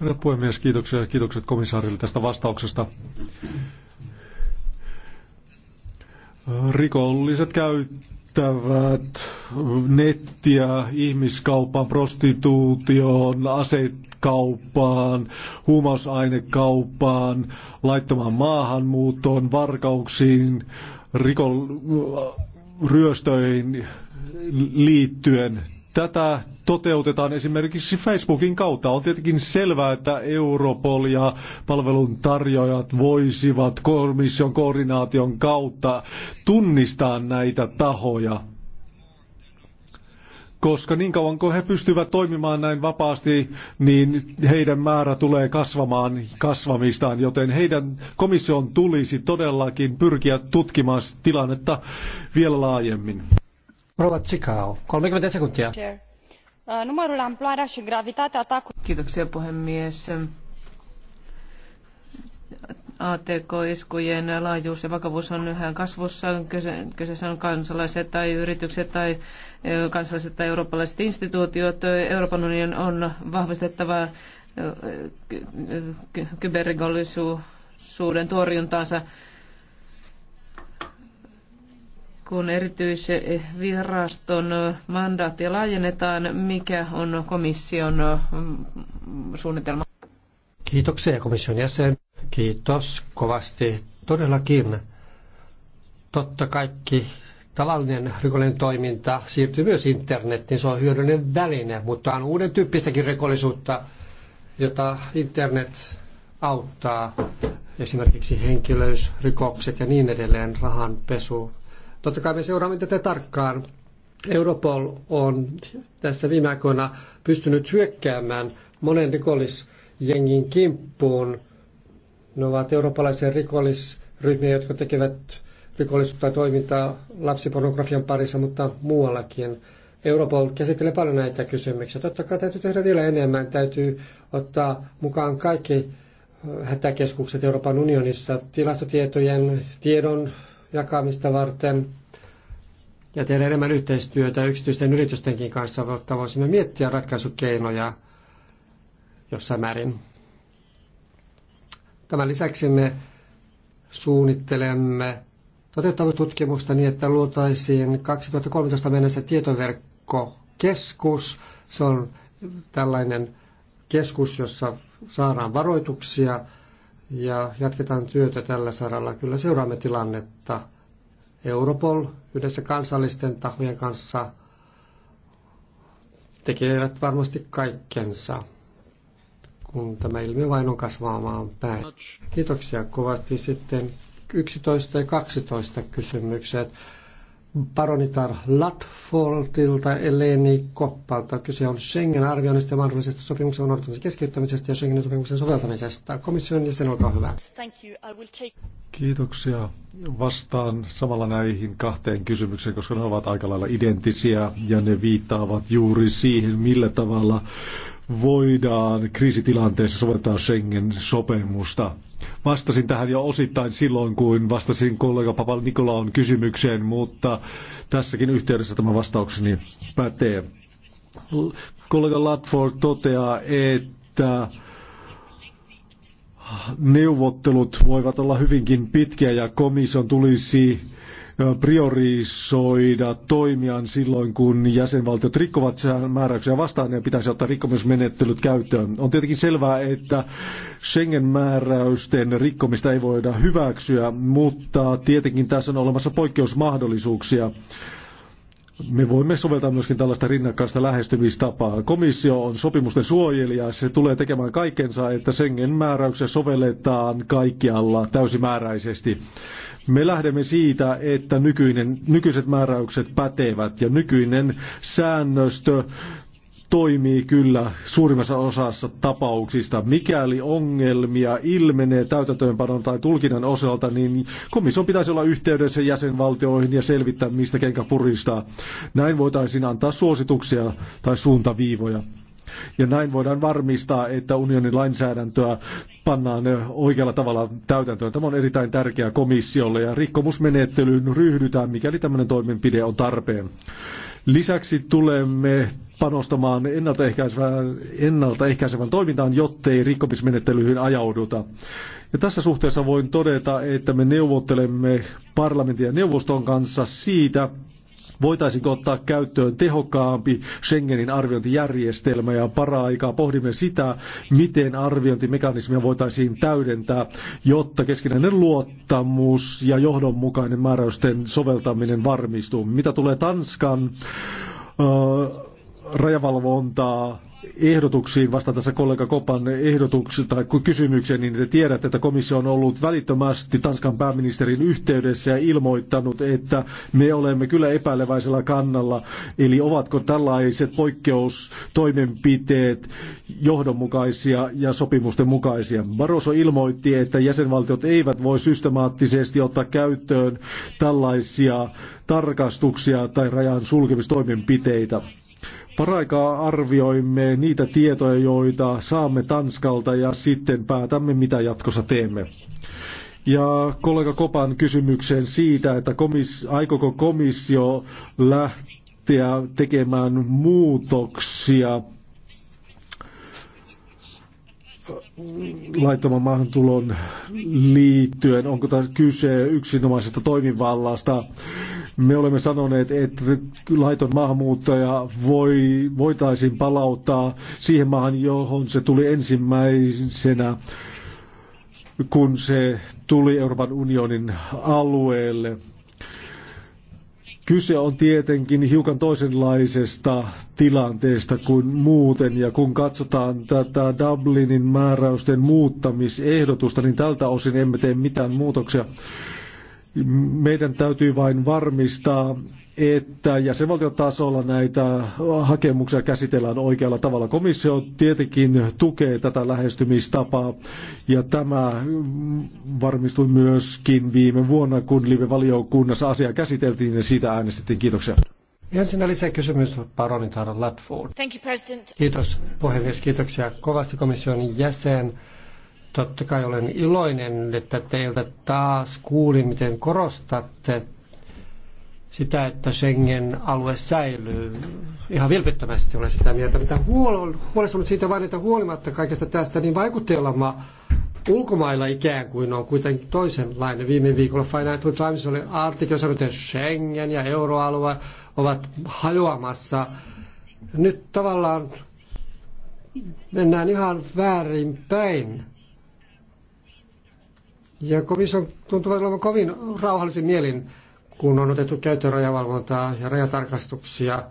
Herra puhemies, kiitoksia ja kiitokset komissaarille tästä vastauksesta. Rikolliset käyttävät yhdistävät nettiä ihmiskauppaan, prostituutioon, asekauppaan, huumausainekauppaan, laittomaan maahanmuuttoon, varkauksiin, rikol- ryöstöihin liittyen. Tätä toteutetaan esimerkiksi Facebookin kautta. On tietenkin selvää, että Europol ja palveluntarjoajat voisivat komission koordinaation kautta tunnistaa näitä tahoja koska niin kauan kuin he pystyvät toimimaan näin vapaasti, niin heidän määrä tulee kasvamaan kasvamistaan, joten heidän komission tulisi todellakin pyrkiä tutkimaan tilannetta vielä laajemmin. Rova Tsikao, 30 sekuntia. Uh, numărul, amploarea și gravitatea atacului... Kiitoksia puhemies. ATK-iskujen laajuus ja vakavuus on yhä kasvussa. Kyseessä on kansalaiset tai yritykset tai kansalaiset tai eurooppalaiset instituutiot. Euroopan unionin on vahvistettava kyberrikollisuuden torjuntaansa kun erityisviraston mandaattia laajennetaan, mikä on komission mm, suunnitelma? Kiitoksia komission jäsen. Kiitos kovasti. Todellakin. Totta kaikki tavallinen rikollinen toiminta siirtyy myös internetiin. Se on hyödyllinen väline, mutta on uuden tyyppistäkin rikollisuutta, jota internet auttaa. Esimerkiksi henkilöysrikokset ja niin edelleen, rahanpesu, Totta kai me seuraamme tätä tarkkaan. Europol on tässä viime aikoina pystynyt hyökkäämään monen rikollisjengin kimppuun. Ne ovat eurooppalaisia rikollisryhmiä, jotka tekevät rikollisuutta ja toimintaa lapsipornografian parissa, mutta muuallakin. Europol käsittelee paljon näitä kysymyksiä. Totta kai täytyy tehdä vielä enemmän. Täytyy ottaa mukaan kaikki hätäkeskukset Euroopan unionissa tilastotietojen, tiedon jakamista varten ja tehdä enemmän yhteistyötä yksityisten yritystenkin kanssa, jotta voisimme miettiä ratkaisukeinoja jossain määrin. Tämän lisäksi me suunnittelemme toteuttavuustutkimusta niin, että luotaisiin 2013 mennessä tietoverkkokeskus. Se on tällainen keskus, jossa saadaan varoituksia ja jatketaan työtä tällä saralla. Kyllä seuraamme tilannetta. Europol yhdessä kansallisten tahojen kanssa tekevät varmasti kaikkensa, kun tämä ilmiö vain on kasvaamaan päin. Kiitoksia kovasti sitten 11 ja 12 kysymykset paronitar Latfoltilta Eleni Koppalta. Kyse on Schengen-arvioinnista ja mahdollisesta sopimuksen noudattamisen keskeyttämisestä ja Schengenin sopimuksen soveltamisesta. Komission jäsen, olkaa hyvä. Kiitoksia. Vastaan samalla näihin kahteen kysymykseen, koska ne ovat aika lailla identisiä ja ne viittaavat juuri siihen, millä tavalla voidaan kriisitilanteessa soveltaa Schengen-sopimusta. Vastasin tähän jo osittain silloin, kun vastasin kollega Papa Nikolaon kysymykseen, mutta tässäkin yhteydessä tämä vastaukseni pätee. Kollega Latford toteaa, että neuvottelut voivat olla hyvinkin pitkiä ja komission tulisi priorisoida toimiaan silloin, kun jäsenvaltiot rikkovat määräyksiä vastaan ja pitäisi ottaa rikkomusmenettelyt käyttöön. On tietenkin selvää, että Schengen-määräysten rikkomista ei voida hyväksyä, mutta tietenkin tässä on olemassa poikkeusmahdollisuuksia me voimme soveltaa myöskin tällaista rinnakkaista lähestymistapaa. Komissio on sopimusten suojelija, se tulee tekemään kaikkensa, että Schengen määräyksiä sovelletaan kaikkialla täysimääräisesti. Me lähdemme siitä, että nykyinen, nykyiset määräykset pätevät ja nykyinen säännöstö toimii kyllä suurimmassa osassa tapauksista. Mikäli ongelmia ilmenee täytäntöönpanon tai tulkinnan osalta, niin komission pitäisi olla yhteydessä jäsenvaltioihin ja selvittää, mistä kenkä puristaa. Näin voitaisiin antaa suosituksia tai suuntaviivoja. Ja näin voidaan varmistaa, että unionin lainsäädäntöä pannaan oikealla tavalla täytäntöön. Tämä on erittäin tärkeää komissiolle ja rikkomusmenettelyyn ryhdytään, mikäli tämmöinen toimenpide on tarpeen. Lisäksi tulemme panostamaan ennaltaehkäisevään, ennaltaehkäisevän toimintaan, jottei rikkomismenettelyihin ajauduta. Ja tässä suhteessa voin todeta, että me neuvottelemme parlamentin ja neuvoston kanssa siitä, Voitaisiinko ottaa käyttöön tehokkaampi Schengenin arviointijärjestelmä ja para-aikaa pohdimme sitä, miten arviointimekanismia voitaisiin täydentää, jotta keskinäinen luottamus ja johdonmukainen määräysten soveltaminen varmistuu. Mitä tulee Tanskan öö, rajavalvontaa ehdotuksiin, vastaan tässä kollega Kopan ehdotuksiin tai kysymykseen, niin te tiedätte, että komissio on ollut välittömästi Tanskan pääministerin yhteydessä ja ilmoittanut, että me olemme kyllä epäileväisellä kannalla. Eli ovatko tällaiset poikkeustoimenpiteet johdonmukaisia ja sopimusten mukaisia? Barroso ilmoitti, että jäsenvaltiot eivät voi systemaattisesti ottaa käyttöön tällaisia tarkastuksia tai rajan sulkemistoimenpiteitä. Paraikaa arvioimme niitä tietoja, joita saamme Tanskalta ja sitten päätämme, mitä jatkossa teemme. Ja kollega Kopan kysymykseen siitä, että komis, aikoko komissio lähteä tekemään muutoksia laittoman maahantulon liittyen, onko tässä kyse yksinomaisesta toimivallasta me olemme sanoneet, että laiton maahanmuuttaja voi, voitaisiin palauttaa siihen maahan, johon se tuli ensimmäisenä, kun se tuli Euroopan unionin alueelle. Kyse on tietenkin hiukan toisenlaisesta tilanteesta kuin muuten, ja kun katsotaan tätä Dublinin määräysten muuttamisehdotusta, niin tältä osin emme tee mitään muutoksia. Meidän täytyy vain varmistaa, että jäsenvaltiotasolla näitä hakemuksia käsitellään oikealla tavalla. Komissio tietenkin tukee tätä lähestymistapaa ja tämä varmistui myöskin viime vuonna, kun live-valiokunnassa asia käsiteltiin ja siitä äänestettiin. Kiitoksia. kysymys lisäkysymys paronitar Latford. Kiitos puhemies, kiitoksia kovasti komission jäsen. Totta kai olen iloinen, että teiltä taas kuulin, miten korostatte sitä, että Schengen-alue säilyy. Ihan vilpittömästi olen sitä mieltä. Mitä huol- huolestunut siitä vain, että huolimatta kaikesta tästä, niin vaikutelma ulkomailla ikään kuin on kuitenkin toisenlainen. Viime viikolla Financial Times oli artikkeli jossa että Schengen ja euroalue ovat hajoamassa. Nyt tavallaan mennään ihan väärin päin. Ja komission tuntuvat olevan kovin rauhallisin mielin, kun on otettu käyttöön rajavalvontaa ja rajatarkastuksia.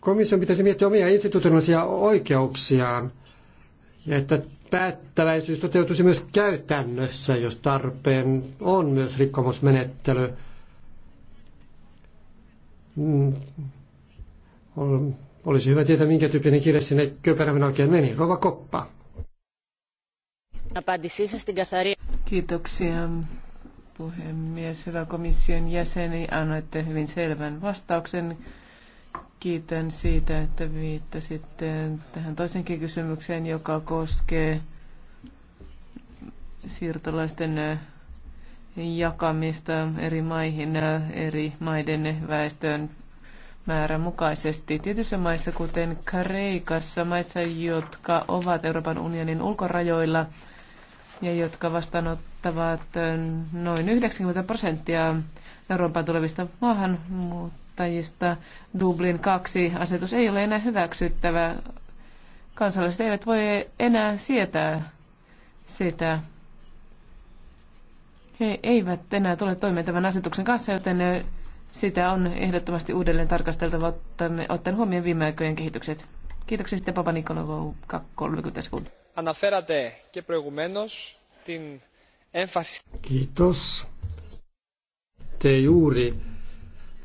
Komission pitäisi miettiä omia institutionaalisia oikeuksiaan, ja että päättäväisyys toteutuisi myös käytännössä, jos tarpeen on myös rikkomusmenettely. Mm. Olisi hyvä tietää, minkä tyyppinen kirja sinne Kööpenhaminan oikein meni. Rova Koppa. Kiitoksia puhemies. Hyvä komission jäseni, annoitte hyvin selvän vastauksen. Kiitän siitä, että viittasitte tähän toisenkin kysymykseen, joka koskee siirtolaisten jakamista eri maihin, eri maiden väestön määrän mukaisesti. Tietyissä maissa, kuten Kreikassa, maissa, jotka ovat Euroopan unionin ulkorajoilla, ja jotka vastaanottavat noin 90 prosenttia Euroopan tulevista maahanmuuttajista. Dublin 2 asetus ei ole enää hyväksyttävä. Kansalaiset eivät voi enää sietää sitä. He eivät enää tule toimeen tämän asetuksen kanssa, joten sitä on ehdottomasti uudelleen tarkasteltava ottaen huomioon viime aikojen kehitykset. Kiitoksia sitten Papa 30 sekuntia. Αναφέρατε και προηγουμένως την έμφαση... Kiitos. Te juuri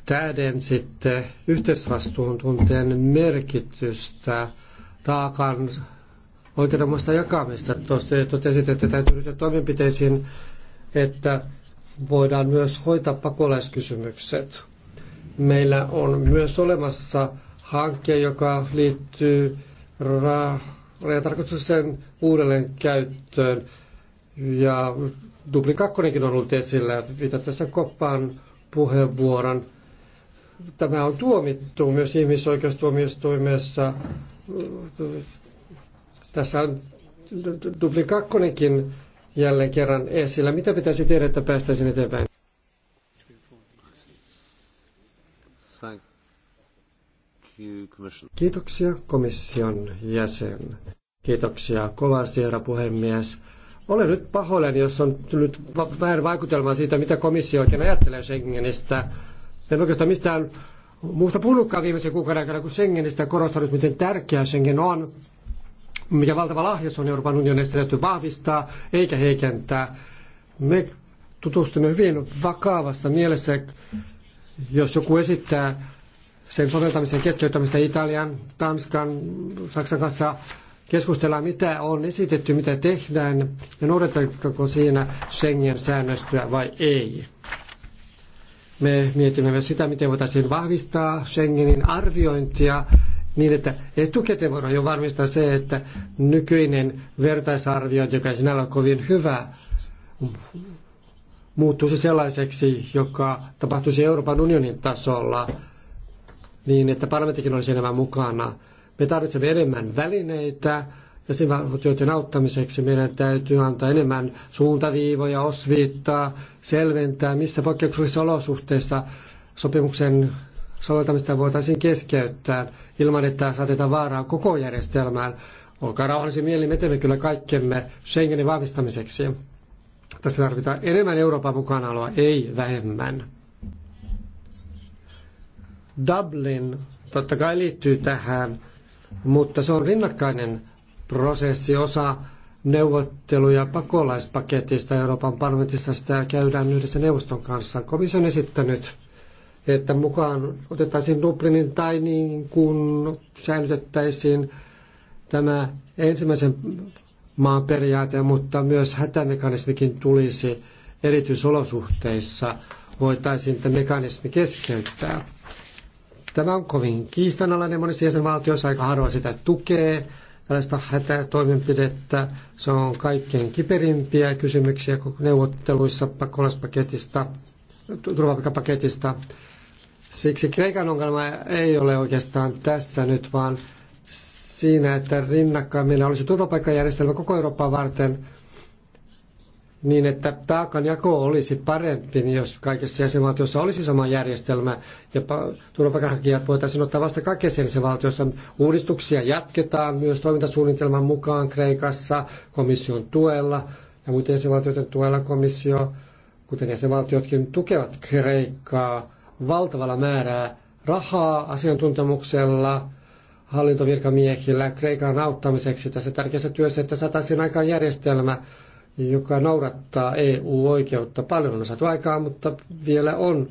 täydensitte yhteisvastuun tunteen merkitystä taakan oikeudenmukaista jakamista. Tuossa totesit, että täytyy ryhtyä toimenpiteisiin, että voidaan myös hoitaa pakolaiskysymykset. Meillä on myös olemassa hanke, joka liittyy rajatarkastuksen uudelleen käyttöön. Ja Dublin 2 on ollut esillä, mitä tässä koppaan puheenvuoron. Tämä on tuomittu myös ihmisoikeustuomioistuimessa. Tässä on Dublin 2 jälleen kerran esillä. Mitä pitäisi tehdä, että päästäisiin eteenpäin? Kiitoksia komission jäsen. Kiitoksia kovasti, herra puhemies. Olen nyt pahoillani, jos on tullut vähän vaikutelmaa siitä, mitä komissio oikein ajattelee Schengenistä. En oikeastaan mistään muusta puhunutkaan viimeisen kuukauden aikana kuin Schengenistä korostanut, miten tärkeää Schengen on, mikä valtava lahja se on Euroopan unionista täytyy vahvistaa eikä heikentää. Me tutustumme hyvin vakavassa mielessä, jos joku esittää sen soveltamisen keskeyttämistä Italian, Tanskan, Saksan kanssa keskustellaan, mitä on esitetty, mitä tehdään ja noudatetaanko siinä Schengen-säännöstöä vai ei. Me mietimme myös sitä, miten voitaisiin vahvistaa Schengenin arviointia niin, että etukäteen voidaan jo varmistaa se, että nykyinen vertaisarviointi, joka sinällä on kovin hyvä, muuttuisi sellaiseksi, joka tapahtuisi Euroopan unionin tasolla – niin että parlamenttikin olisi enemmän mukana. Me tarvitsemme enemmän välineitä ja sen joiden auttamiseksi meidän täytyy antaa enemmän suuntaviivoja, osviittaa, selventää, missä poikkeuksellisissa olosuhteissa sopimuksen soveltamista voitaisiin keskeyttää ilman, että saatetaan vaaraa koko järjestelmään. Olkaa rauhallisin mieli, me teemme kyllä kaikkemme Schengenin vahvistamiseksi. Tässä tarvitaan enemmän Euroopan mukanaoloa, ei vähemmän. Dublin totta kai liittyy tähän, mutta se on rinnakkainen prosessi, osa neuvotteluja pakolaispaketista Euroopan parlamentissa. Sitä käydään yhdessä neuvoston kanssa. Komissio on esittänyt, että mukaan otettaisiin Dublinin tai niin kuin säilytettäisiin tämä ensimmäisen maan periaate, mutta myös hätämekanismikin tulisi erityisolosuhteissa voitaisiin tämä mekanismi keskeyttää. Tämä on kovin kiistanalainen monissa jäsenvaltioissa, aika harva sitä tukee, tällaista hätätoimenpidettä. Se on kaikkein kiperimpiä kysymyksiä neuvotteluissa pakolaispaketista, turvapaikkapaketista. Siksi Kreikan ongelma ei ole oikeastaan tässä nyt, vaan siinä, että rinnakkain meillä olisi turvapaikkajärjestelmä koko Eurooppaa varten – niin, että jako olisi parempi, niin jos kaikissa jäsenvaltioissa olisi sama järjestelmä ja turvapaikanhakijat voitaisiin ottaa vasta kaikissa jäsenvaltioissa. Uudistuksia jatketaan myös toimintasuunnitelman mukaan Kreikassa komission tuella ja muiden jäsenvaltioiden tuella komissio, kuten jäsenvaltiotkin, tukevat Kreikkaa valtavalla määrää rahaa asiantuntemuksella, hallintovirkamiehillä Kreikan auttamiseksi tässä tärkeässä työssä, että saataisiin aikaan järjestelmä, joka naurattaa EU-oikeutta. Paljon on saatu aikaa, mutta vielä on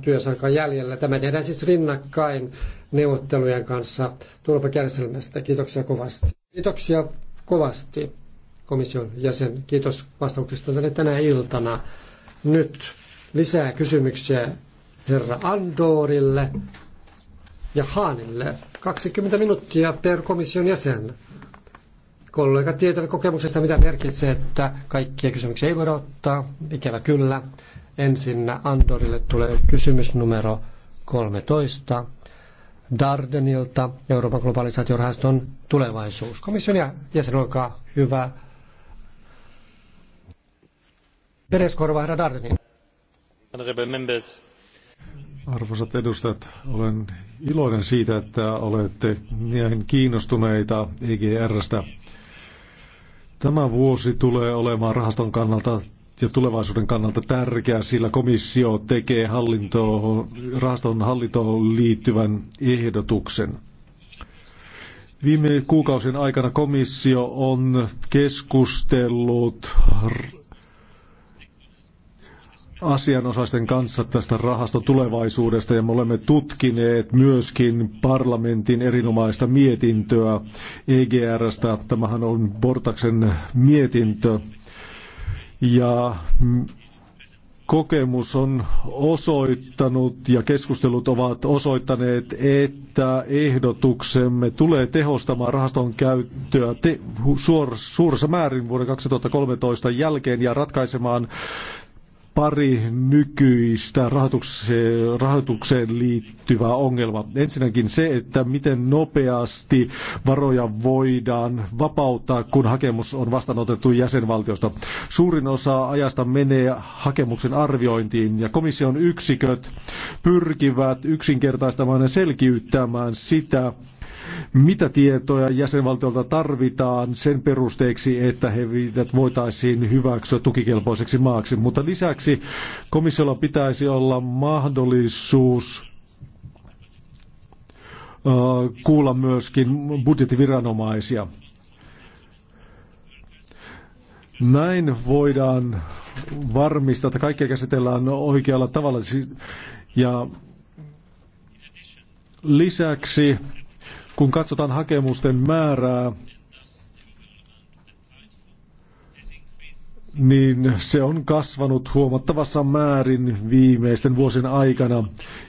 työsarka jäljellä. Tämä tehdään siis rinnakkain neuvottelujen kanssa turvapaikkajärjestelmästä. Kiitoksia kovasti. Kiitoksia kovasti komission jäsen. Kiitos vastauksista tänne tänä iltana. Nyt lisää kysymyksiä herra Andorille ja Haanille. 20 minuuttia per komission jäsen. Kollegat tietävät kokemuksesta, mitä merkitsee, että kaikkia kysymyksiä ei voida ottaa. Ikävä kyllä. Ensin Andorille tulee kysymys numero 13. Dardenilta, Euroopan globalisaatiorahaston tulevaisuus. Komission jäsen, olkaa hyvä. Pereskorva, herra Dardenin. Arvoisat edustajat, olen iloinen siitä, että olette niin kiinnostuneita EGRstä. Tämä vuosi tulee olemaan rahaston kannalta ja tulevaisuuden kannalta tärkeä, sillä komissio tekee hallinto rahaston hallintoon liittyvän ehdotuksen. Viime kuukausien aikana komissio on keskustellut asianosaisten kanssa tästä rahaston tulevaisuudesta ja me olemme tutkineet myöskin parlamentin erinomaista mietintöä EGRstä. Tämähän on Bortaksen mietintö ja kokemus on osoittanut ja keskustelut ovat osoittaneet, että ehdotuksemme tulee tehostamaan rahaston käyttöä te- suor- suurissa määrin vuoden 2013 jälkeen ja ratkaisemaan pari nykyistä rahoitukseen, rahoitukseen liittyvää ongelmaa. Ensinnäkin se, että miten nopeasti varoja voidaan vapauttaa, kun hakemus on vastaanotettu jäsenvaltiosta. Suurin osa ajasta menee hakemuksen arviointiin ja komission yksiköt pyrkivät yksinkertaistamaan ja selkiyttämään sitä, mitä tietoja jäsenvaltiolta tarvitaan sen perusteeksi, että he voitaisiin hyväksyä tukikelpoiseksi maaksi. Mutta lisäksi komissiolla pitäisi olla mahdollisuus kuulla myöskin budjettiviranomaisia. Näin voidaan varmistaa, että kaikkea käsitellään oikealla tavalla. Ja lisäksi kun katsotaan hakemusten määrää, niin se on kasvanut huomattavassa määrin viimeisten vuosien aikana.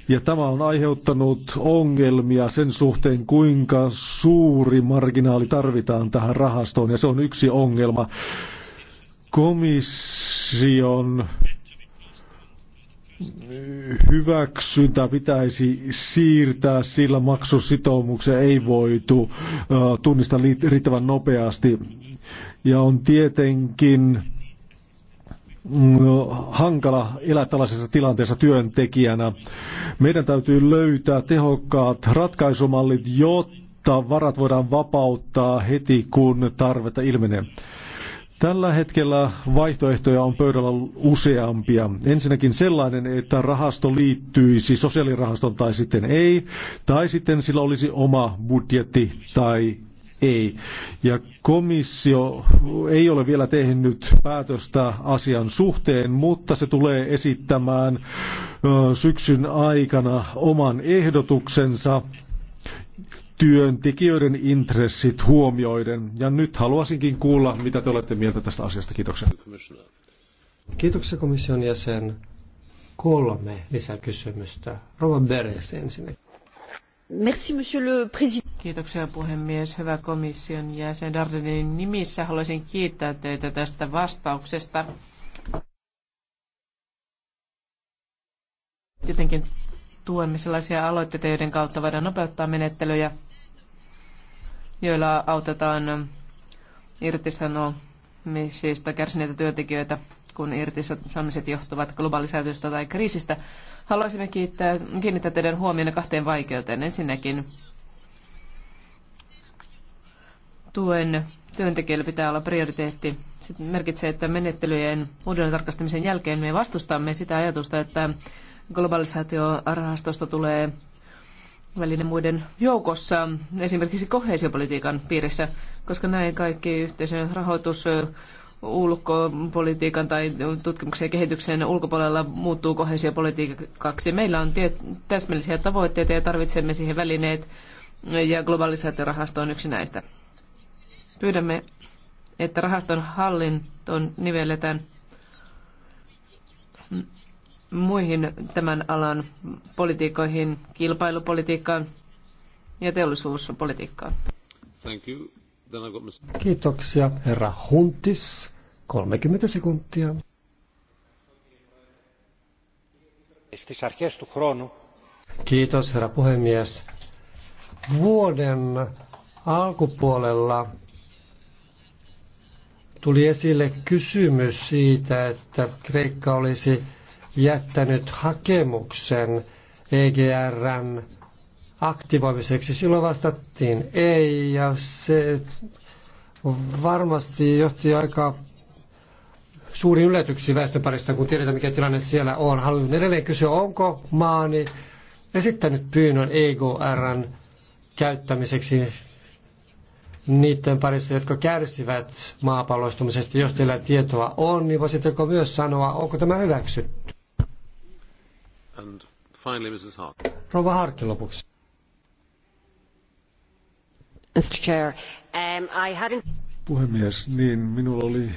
Ja tämä on aiheuttanut ongelmia sen suhteen, kuinka suuri marginaali tarvitaan tähän rahastoon, ja se on yksi ongelma. Komission hyväksyntä pitäisi siirtää, sillä maksusitoumuksia ei voitu tunnistaa riittävän nopeasti. Ja on tietenkin mm, hankala elää tällaisessa tilanteessa työntekijänä. Meidän täytyy löytää tehokkaat ratkaisumallit, jotta varat voidaan vapauttaa heti, kun tarvetta ilmenee. Tällä hetkellä vaihtoehtoja on pöydällä useampia. Ensinnäkin sellainen, että rahasto liittyisi sosiaalirahaston tai sitten ei, tai sitten sillä olisi oma budjetti tai ei. Ja komissio ei ole vielä tehnyt päätöstä asian suhteen, mutta se tulee esittämään syksyn aikana oman ehdotuksensa työntekijöiden intressit huomioiden. Ja nyt haluaisinkin kuulla, mitä te olette mieltä tästä asiasta. Kiitoksia. Kiitoksia komission jäsen. Kolme lisäkysymystä. Rova Beres ensinnäkin. Merci, monsieur le président. Kiitoksia puhemies. Hyvä komission jäsen Dardenin nimissä haluaisin kiittää teitä tästä vastauksesta. Tietenkin tuemme sellaisia aloitteita, joiden kautta voidaan nopeuttaa menettelyjä joilla autetaan irtisanomisista kärsineitä työntekijöitä, kun irtisanomiset johtuvat globalisaatiosta tai kriisistä. Haluaisimme kiittää, kiinnittää teidän huomioon kahteen vaikeuteen. Ensinnäkin tuen työntekijöillä pitää olla prioriteetti. Se merkitsee, että menettelyjen uudelleen tarkastamisen jälkeen me vastustamme sitä ajatusta, että globalisaatiorahastosta tulee välinen muiden joukossa, esimerkiksi kohesiopolitiikan piirissä, koska näin kaikki yhteisön rahoitus ulkopolitiikan tai tutkimuksen ja kehityksen ulkopuolella muuttuu kohesiopolitiikaksi. Meillä on tiet, täsmällisiä tavoitteita ja tarvitsemme siihen välineet ja globalisaatiorahasto on yksi näistä. Pyydämme, että rahaston hallinton nivelletään muihin tämän alan politiikoihin, kilpailupolitiikkaan ja teollisuuspolitiikkaan. Thank you. Then Kiitoksia, herra Huntis. 30 sekuntia. Kiitos, herra puhemies. Vuoden alkupuolella tuli esille kysymys siitä, että Kreikka olisi jättänyt hakemuksen EGRn aktivoimiseksi. Silloin vastattiin ei ja se varmasti johti aika suuriin yllätyksiin väestön parissa, kun tiedetään mikä tilanne siellä on. Haluan edelleen kysyä, onko maani esittänyt pyynnön EGRn käyttämiseksi niiden parissa, jotka kärsivät maapalloistumisesta, jos teillä tietoa on, niin voisitteko myös sanoa, onko tämä hyväksytty? And finally, Mrs. Harkin lopuksi. Mr. Chair, um, I hadn't... Puhemies, niin minulla oli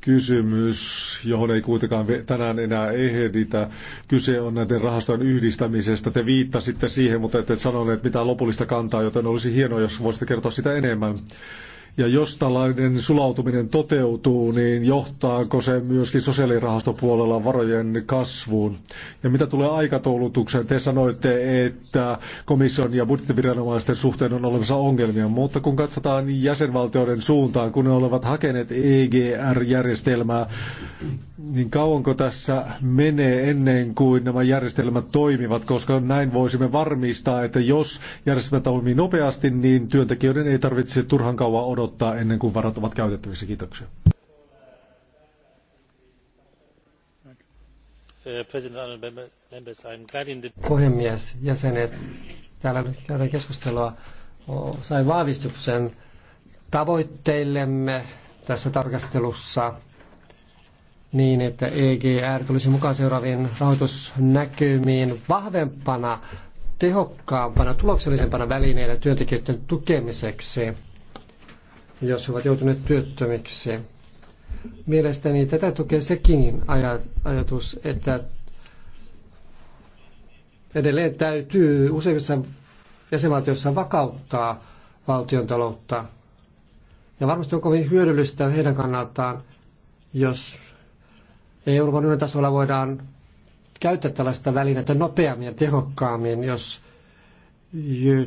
kysymys, johon ei kuitenkaan tänään enää ehditä. Kyse on näiden rahastojen yhdistämisestä. Te viittasitte siihen, mutta ette sanoneet mitään lopullista kantaa, joten olisi hienoa, jos voisitte kertoa sitä enemmän. Ja jos tällainen sulautuminen toteutuu, niin johtaako se myöskin sosiaalirahastopuolella varojen kasvuun? Ja mitä tulee aikataulutukseen? Te sanoitte, että komission ja budjettiviranomaisten suhteen on olemassa ongelmia, mutta kun katsotaan jäsenvaltioiden suuntaan, kun ne olevat hakeneet EGR-järjestelmää, niin kauanko tässä menee ennen kuin nämä järjestelmät toimivat, koska näin voisimme varmistaa, että jos järjestelmä toimii nopeasti, niin työntekijöiden ei tarvitse turhan kauan odottaa odottaa ennen kuin varat ovat käytettävissä. Kiitoksia. Puhemies, jäsenet, täällä nyt käydään keskustelua. Sain vahvistuksen tavoitteillemme tässä tarkastelussa niin, että EGR tulisi mukaan seuraaviin rahoitusnäkymiin vahvempana, tehokkaampana, tuloksellisempana välineenä työntekijöiden tukemiseksi jos he ovat joutuneet työttömiksi. Mielestäni tätä tukee sekin ajatus, että edelleen täytyy useimmissa jäsenvaltioissa vakauttaa valtion taloutta. Ja varmasti on kovin hyödyllistä heidän kannaltaan, jos Euroopan unionin tasolla voidaan käyttää tällaista välinettä nopeammin ja tehokkaammin, jos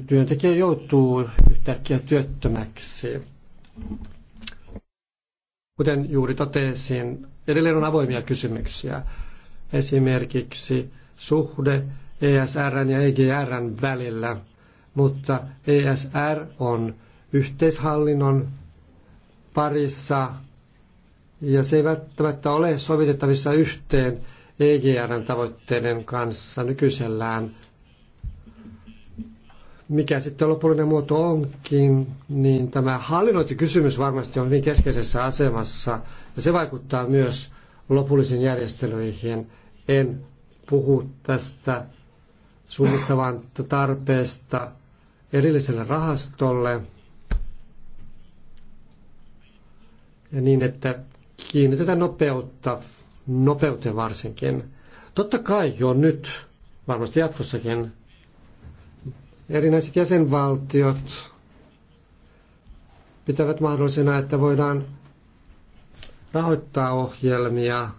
työntekijä joutuu yhtäkkiä työttömäksi. Kuten juuri totesin, edelleen on avoimia kysymyksiä. Esimerkiksi suhde ESRn ja EGRn välillä, mutta ESR on yhteishallinnon parissa ja se ei välttämättä ole sovitettavissa yhteen EGRn tavoitteiden kanssa nykyisellään mikä sitten lopullinen muoto onkin, niin tämä hallinnointikysymys varmasti on hyvin keskeisessä asemassa ja se vaikuttaa myös lopullisiin järjestelyihin. En puhu tästä summista, vaan tarpeesta erilliselle rahastolle ja niin, että kiinnitetään nopeutta, nopeuteen varsinkin. Totta kai jo nyt, varmasti jatkossakin, Erinäiset jäsenvaltiot pitävät mahdollisena, että voidaan rahoittaa ohjelmia,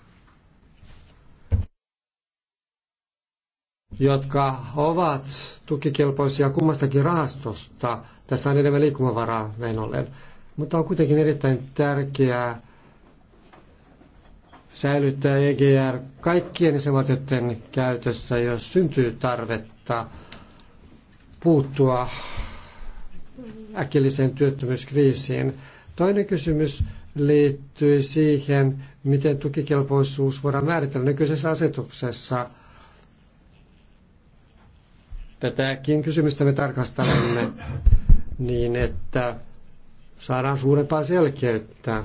jotka ovat tukikelpoisia kummastakin rahastosta. Tässä on enemmän liikkumavaraa näin ollen. Mutta on kuitenkin erittäin tärkeää säilyttää EGR kaikkien isävaltioiden käytössä, jos syntyy tarvetta – puuttua äkilliseen työttömyyskriisiin. Toinen kysymys liittyy siihen, miten tukikelpoisuus voidaan määritellä nykyisessä asetuksessa. Tätäkin kysymystä me tarkastelemme niin, että saadaan suurempaa selkeyttä.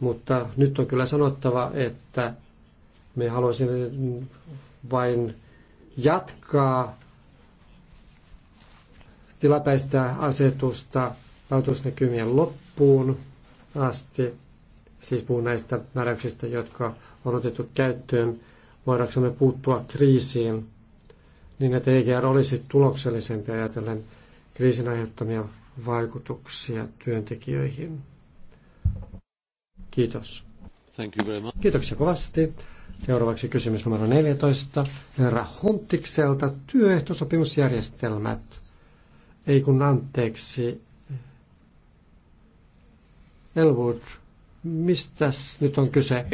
Mutta nyt on kyllä sanottava, että me haluaisimme vain jatkaa tilapäistä asetusta rahoitusnäkymien loppuun asti, siis puhun näistä määräyksistä, jotka on otettu käyttöön, me puuttua kriisiin niin, että EGR olisi tuloksellisempi ajatellen kriisin aiheuttamia vaikutuksia työntekijöihin. Kiitos. Thank you very much. Kiitoksia kovasti. Seuraavaksi kysymys numero 14. Herra Huntikselta työehtosopimusjärjestelmät ei kun anteeksi. Elwood, mistä nyt on kyse?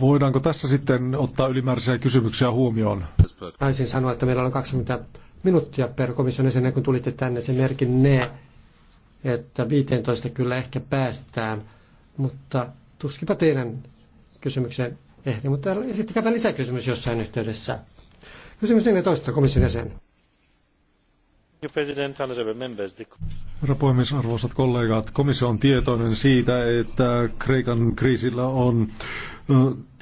Voidaanko tässä sitten ottaa ylimääräisiä kysymyksiä huomioon? Taisin sanoa, että meillä on 20 minuuttia per komission jäsen, kun tulitte tänne. Se merkinnee, että 15 kyllä ehkä päästään, mutta tuskipa teidän kysymykseen ehdi, mutta esittäkääpä lisäkysymys jossain yhteydessä. Kysymys 14, komission jäsen. Herra puhemies, arvoisat kollegat, komissio on tietoinen siitä, että Kreikan kriisillä on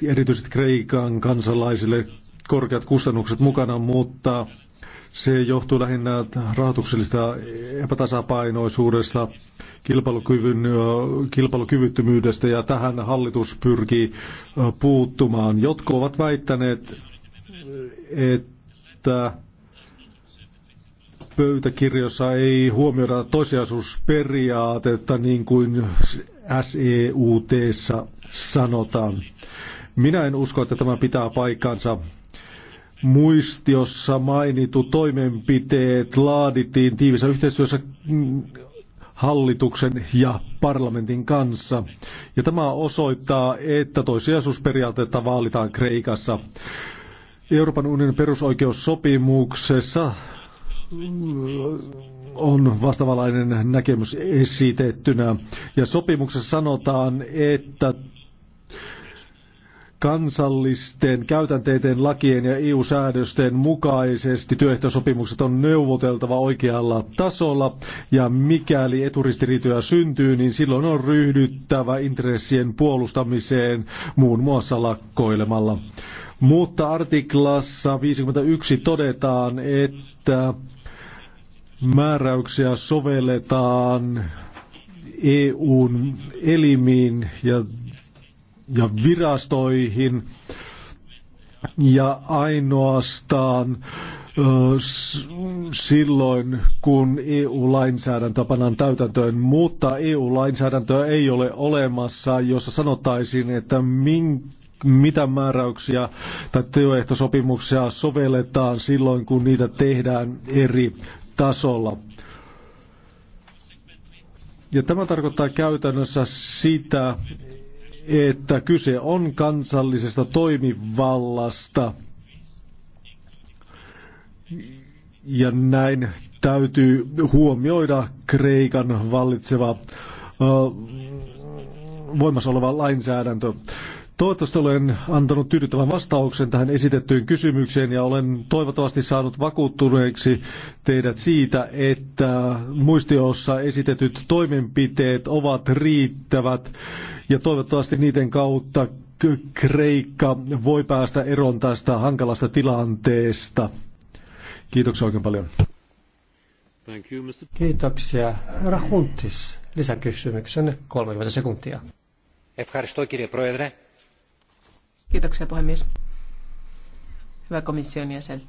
erityisesti Kreikan kansalaisille korkeat kustannukset mukana, mutta se johtuu lähinnä rahoituksellisesta epätasapainoisuudesta, kilpailukyvyn, kilpailukyvyttömyydestä ja tähän hallitus pyrkii puuttumaan. Jotkut ovat väittäneet, että pöytäkirjossa ei huomioida toisiasuusperiaatetta niin kuin seut sanotaan. Minä en usko, että tämä pitää paikkansa. Muistiossa mainitut toimenpiteet laadittiin tiivissä yhteistyössä hallituksen ja parlamentin kanssa. Ja tämä osoittaa, että toisiasuusperiaatetta vaalitaan Kreikassa. Euroopan unionin perusoikeussopimuksessa on vastavalainen näkemys esitettynä. Ja sopimuksessa sanotaan, että kansallisten käytänteiden, lakien ja EU-säädösten mukaisesti työehtosopimukset on neuvoteltava oikealla tasolla ja mikäli eturistiriitoja syntyy, niin silloin on ryhdyttävä intressien puolustamiseen muun muassa lakkoilemalla. Mutta artiklassa 51 todetaan, että määräyksiä sovelletaan EUn elimiin ja ja virastoihin ja ainoastaan silloin, kun EU-lainsäädäntö pannaan täytäntöön, mutta EU-lainsäädäntöä ei ole olemassa, jossa sanottaisiin, että mitä määräyksiä tai työehtosopimuksia sovelletaan silloin, kun niitä tehdään eri tasolla. Ja tämä tarkoittaa käytännössä sitä, että kyse on kansallisesta toimivallasta. Ja näin täytyy huomioida Kreikan vallitseva voimassa oleva lainsäädäntö. Toivottavasti olen antanut tyydyttävän vastauksen tähän esitettyyn kysymykseen ja olen toivottavasti saanut vakuuttuneeksi teidät siitä, että muistiossa esitetyt toimenpiteet ovat riittävät ja toivottavasti niiden kautta Kreikka voi päästä eroon tästä hankalasta tilanteesta. Kiitoksia oikein paljon. Thank you, Mr. Kiitoksia. Rahuntis, lisäkysymyksen 30 sekuntia. Kiitoksia puhemies. Hyvä komission jäsen.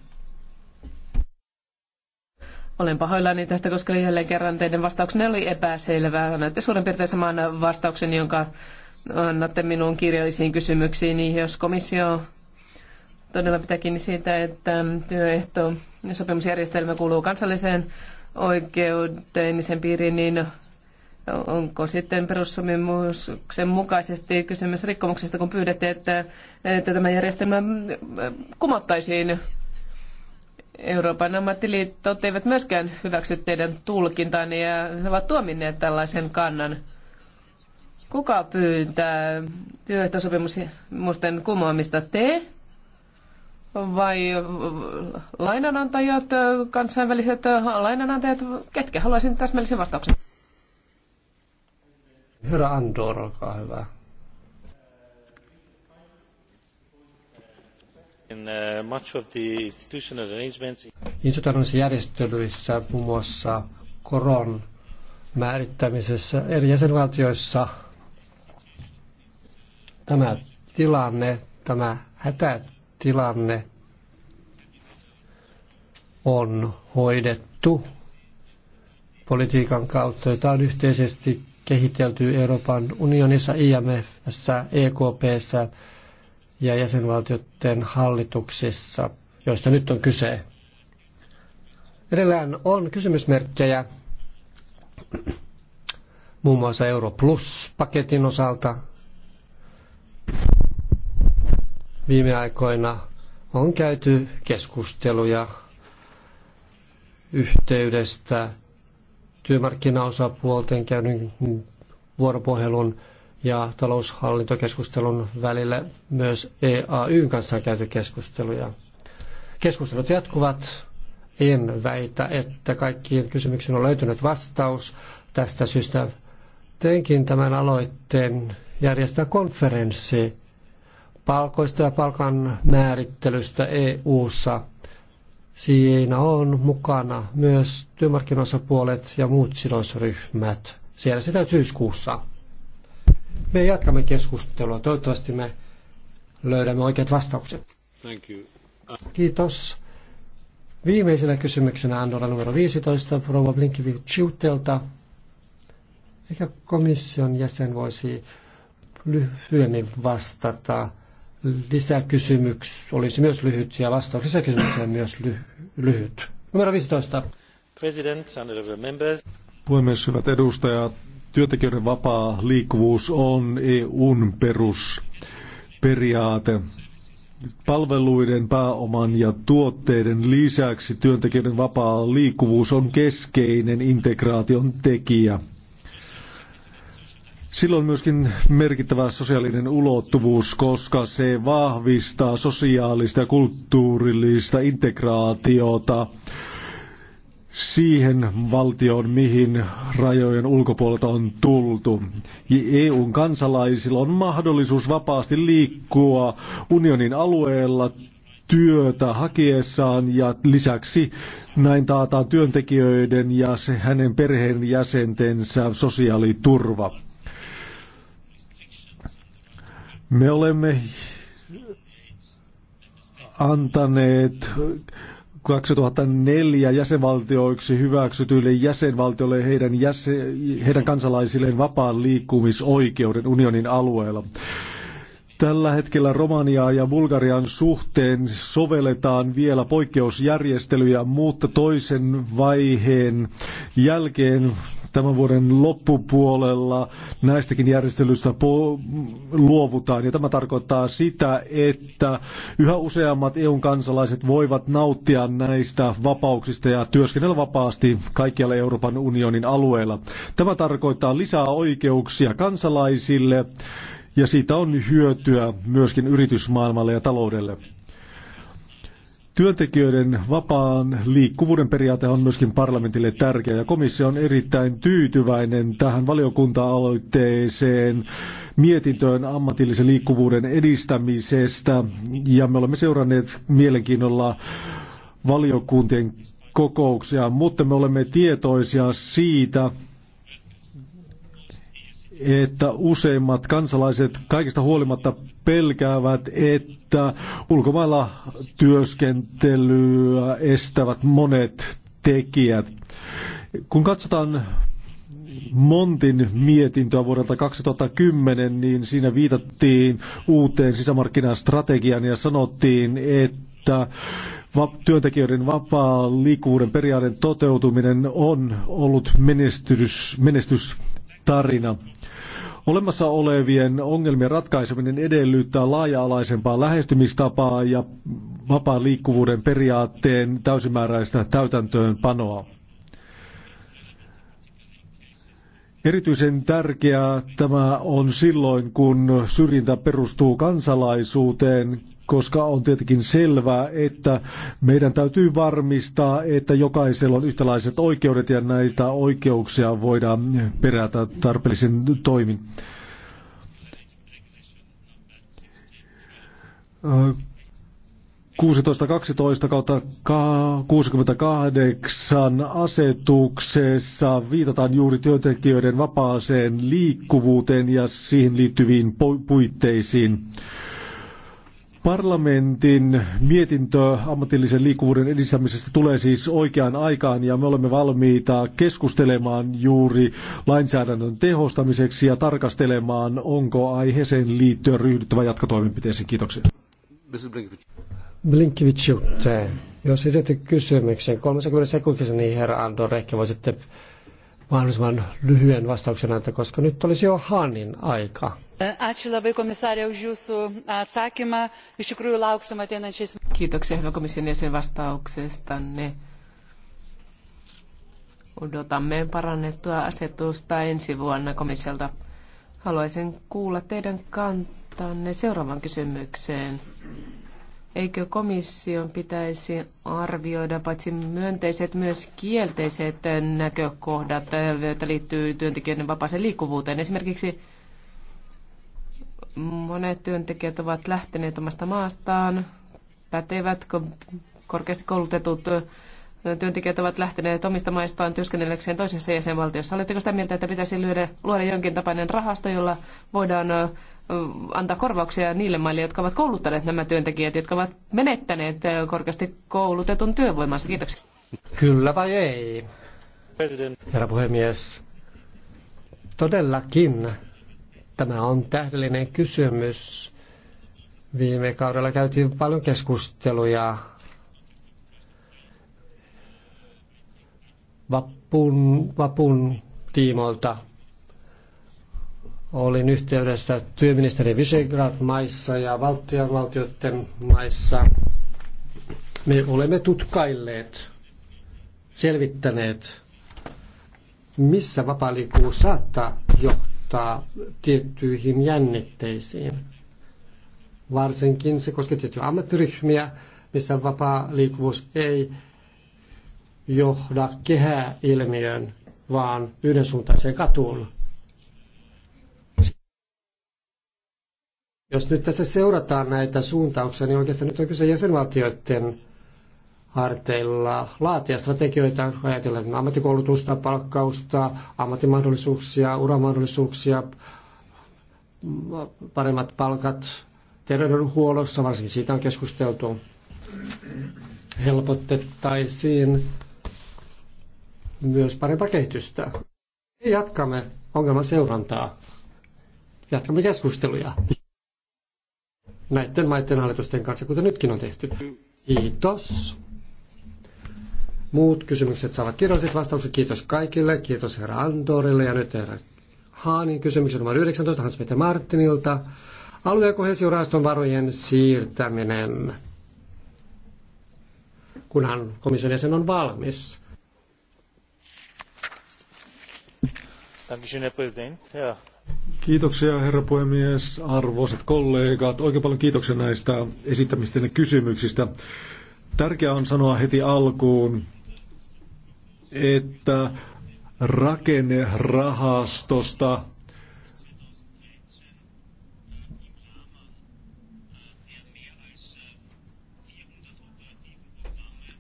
Olen pahoillani tästä, koska jälleen kerran teidän vastauksenne oli epäselvää. Annatte suurin piirtein saman vastauksen, jonka annatte minun kirjallisiin kysymyksiin. jos komissio todella pitää kiinni siitä, että työehto- ja sopimusjärjestelmä kuuluu kansalliseen oikeuteen ja niin sen piiriin, niin onko sitten perussopimuksen mukaisesti kysymys rikkomuksesta, kun pyydätte, että, että tämä järjestelmä kumottaisiin Euroopan ammattiliitot eivät myöskään hyväksy teidän tulkintanne ja he ovat tuominneet tällaisen kannan. Kuka pyytää työehtosopimusten kumoamista? Te vai lainanantajat, kansainväliset lainanantajat? Ketkä? Haluaisin täsmällisen vastauksen. Herra Andor, olkaa hyvä. Uh, Institutionaalisissa järjestelyissä muun muassa koron määrittämisessä eri jäsenvaltioissa tämä tilanne, tämä hätätilanne on hoidettu politiikan kautta, jota on yhteisesti kehitelty Euroopan unionissa, IMFssä, EKPssä, ja jäsenvaltioiden hallituksissa, joista nyt on kyse. Edellään on kysymysmerkkejä muun muassa Euro Plus-paketin osalta. Viime aikoina on käyty keskusteluja yhteydestä työmarkkinaosapuolten käynyt vuoropuhelun ja taloushallintokeskustelun välillä myös EAYn kanssa on käyty keskusteluja. Keskustelut jatkuvat. En väitä, että kaikkiin kysymyksiin on löytynyt vastaus. Tästä syystä teinkin tämän aloitteen järjestää konferenssi palkoista ja palkan määrittelystä EU-ssa. Siinä on mukana myös työmarkkinoissa puolet ja muut sidosryhmät. Siellä sitä syyskuussa. Me jatkamme keskustelua. Toivottavasti me löydämme oikeat vastaukset. Thank you. Kiitos. Viimeisenä kysymyksenä Andorra numero 15, Rova Blinkivi-Chiutelta. Ehkä komission jäsen voisi lyhyemmin vastata. Lisäkysymys olisi myös lyhyt ja vastaus lisäkysymykseen myös ly- lyhyt. Numero 15. President, members. Puhemies, hyvät edustajat, Työntekijöiden vapaa liikkuvuus on EUn perusperiaate. Palveluiden, pääoman ja tuotteiden lisäksi työntekijöiden vapaa liikkuvuus on keskeinen integraation tekijä. Silloin myöskin merkittävä sosiaalinen ulottuvuus, koska se vahvistaa sosiaalista ja kulttuurillista integraatiota siihen valtioon, mihin rajojen ulkopuolelta on tultu. EUn kansalaisilla on mahdollisuus vapaasti liikkua unionin alueella työtä hakiessaan ja lisäksi näin taataan työntekijöiden ja se hänen perheenjäsentensä sosiaaliturva. Me olemme antaneet 2004 jäsenvaltioiksi hyväksytyille jäsenvaltioille ja heidän, jäsen, heidän kansalaisilleen vapaan liikkumisoikeuden unionin alueella. Tällä hetkellä Romaniaa ja Bulgarian suhteen sovelletaan vielä poikkeusjärjestelyjä, mutta toisen vaiheen jälkeen tämän vuoden loppupuolella näistäkin järjestelyistä luovutaan. Ja tämä tarkoittaa sitä, että yhä useammat EUn kansalaiset voivat nauttia näistä vapauksista ja työskennellä vapaasti kaikkialla Euroopan unionin alueella. Tämä tarkoittaa lisää oikeuksia kansalaisille ja siitä on hyötyä myöskin yritysmaailmalle ja taloudelle. Työntekijöiden vapaan liikkuvuuden periaate on myöskin parlamentille tärkeä ja komissio on erittäin tyytyväinen tähän valiokunta-aloitteeseen mietintöön ammatillisen liikkuvuuden edistämisestä ja me olemme seuranneet mielenkiinnolla valiokuntien kokouksia, mutta me olemme tietoisia siitä, että useimmat kansalaiset kaikista huolimatta pelkäävät, että ulkomailla työskentelyä estävät monet tekijät. Kun katsotaan Montin mietintöä vuodelta 2010, niin siinä viitattiin uuteen sisämarkkinastrategiaan ja sanottiin, että työntekijöiden vapaa liikkuvuuden periaatteen toteutuminen on ollut menestys, menestystarina. Olemassa olevien ongelmien ratkaiseminen edellyttää laaja-alaisempaa lähestymistapaa ja vapaan liikkuvuuden periaatteen täysimääräistä täytäntöönpanoa. Erityisen tärkeää tämä on silloin, kun syrjintä perustuu kansalaisuuteen koska on tietenkin selvää, että meidän täytyy varmistaa, että jokaisella on yhtäläiset oikeudet ja näitä oikeuksia voidaan perätä tarpeellisin toimin. Äh, 1612 kautta 68 asetuksessa viitataan juuri työntekijöiden vapaaseen liikkuvuuteen ja siihen liittyviin puitteisiin. Parlamentin mietintö ammatillisen liikkuvuuden edistämisestä tulee siis oikeaan aikaan ja me olemme valmiita keskustelemaan juuri lainsäädännön tehostamiseksi ja tarkastelemaan, onko aiheeseen liittyen ryhdyttävä jatkotoimenpiteisiin. Kiitoksia. Blinkivich, jos esitit kysymyksen 30 sekunnissa, niin herra Andor, ehkä voisitte mahdollisimman lyhyen vastauksen antaa, koska nyt olisi jo Hanin aika. Ačiū labai komisarė už jūsų atsakymą. Iš tikrųjų lauksim ateinančiais. Kiitoksia hyvä komission jäsen vastauksestanne. Odotamme parannettua asetusta ensi vuonna komissiolta. Haluaisin kuulla teidän kantanne seuraavan kysymykseen. Eikö komission pitäisi arvioida paitsi myönteiset myös kielteiset näkökohdat, joita liittyy työntekijöiden vapaaseen liikkuvuuteen? Esimerkiksi monet työntekijät ovat lähteneet omasta maastaan, pätevät, korkeasti koulutetut työntekijät ovat lähteneet omista maistaan työskennellekseen toisessa jäsenvaltiossa. Oletteko sitä mieltä, että pitäisi lyödä, luoda jonkin tapainen rahasto, jolla voidaan antaa korvauksia niille maille, jotka ovat kouluttaneet nämä työntekijät, jotka ovat menettäneet korkeasti koulutetun työvoimansa. Kiitoksia. Kyllä vai ei? President. Herra puhemies, todellakin tämä on tähdellinen kysymys. Viime kaudella käytiin paljon keskusteluja vapun, vapun tiimoilta Olin yhteydessä työministeri Visegrad-maissa ja valtioiden maissa. Me olemme tutkailleet, selvittäneet, missä vapaaliikkuvuus saattaa johtaa tiettyihin jännitteisiin. Varsinkin se koskee tiettyjä ammattiryhmiä, missä vapaa liikkuvuus ei johda kehäilmiön, vaan yhdensuuntaiseen katuun. Jos nyt tässä seurataan näitä suuntauksia, niin oikeastaan nyt on kyse jäsenvaltioiden harteilla laatia strategioita, ajatellen ammattikoulutusta, palkkausta, ammattimahdollisuuksia, uramahdollisuuksia, paremmat palkat terveydenhuollossa, varsinkin siitä on keskusteltu, helpotettaisiin myös parempaa kehitystä. Jatkamme ongelman seurantaa. Jatkamme keskusteluja näiden maiden hallitusten kanssa, kuten nytkin on tehty. Kiitos. Muut kysymykset saavat kirjalliset vastaukset. Kiitos kaikille. Kiitos herra Andorille ja nyt herra Haanin kysymys numero 19 Hans-Peter Martinilta. Alue- ja kohesioraston varojen siirtäminen, kunhan komission jäsen on valmis. Dankeschön, Herr Präsident. Ja, Kiitoksia herra puhemies, arvoisat kollegat. Oikein paljon kiitoksia näistä esittämistänne kysymyksistä. Tärkeää on sanoa heti alkuun, että rakennerahastosta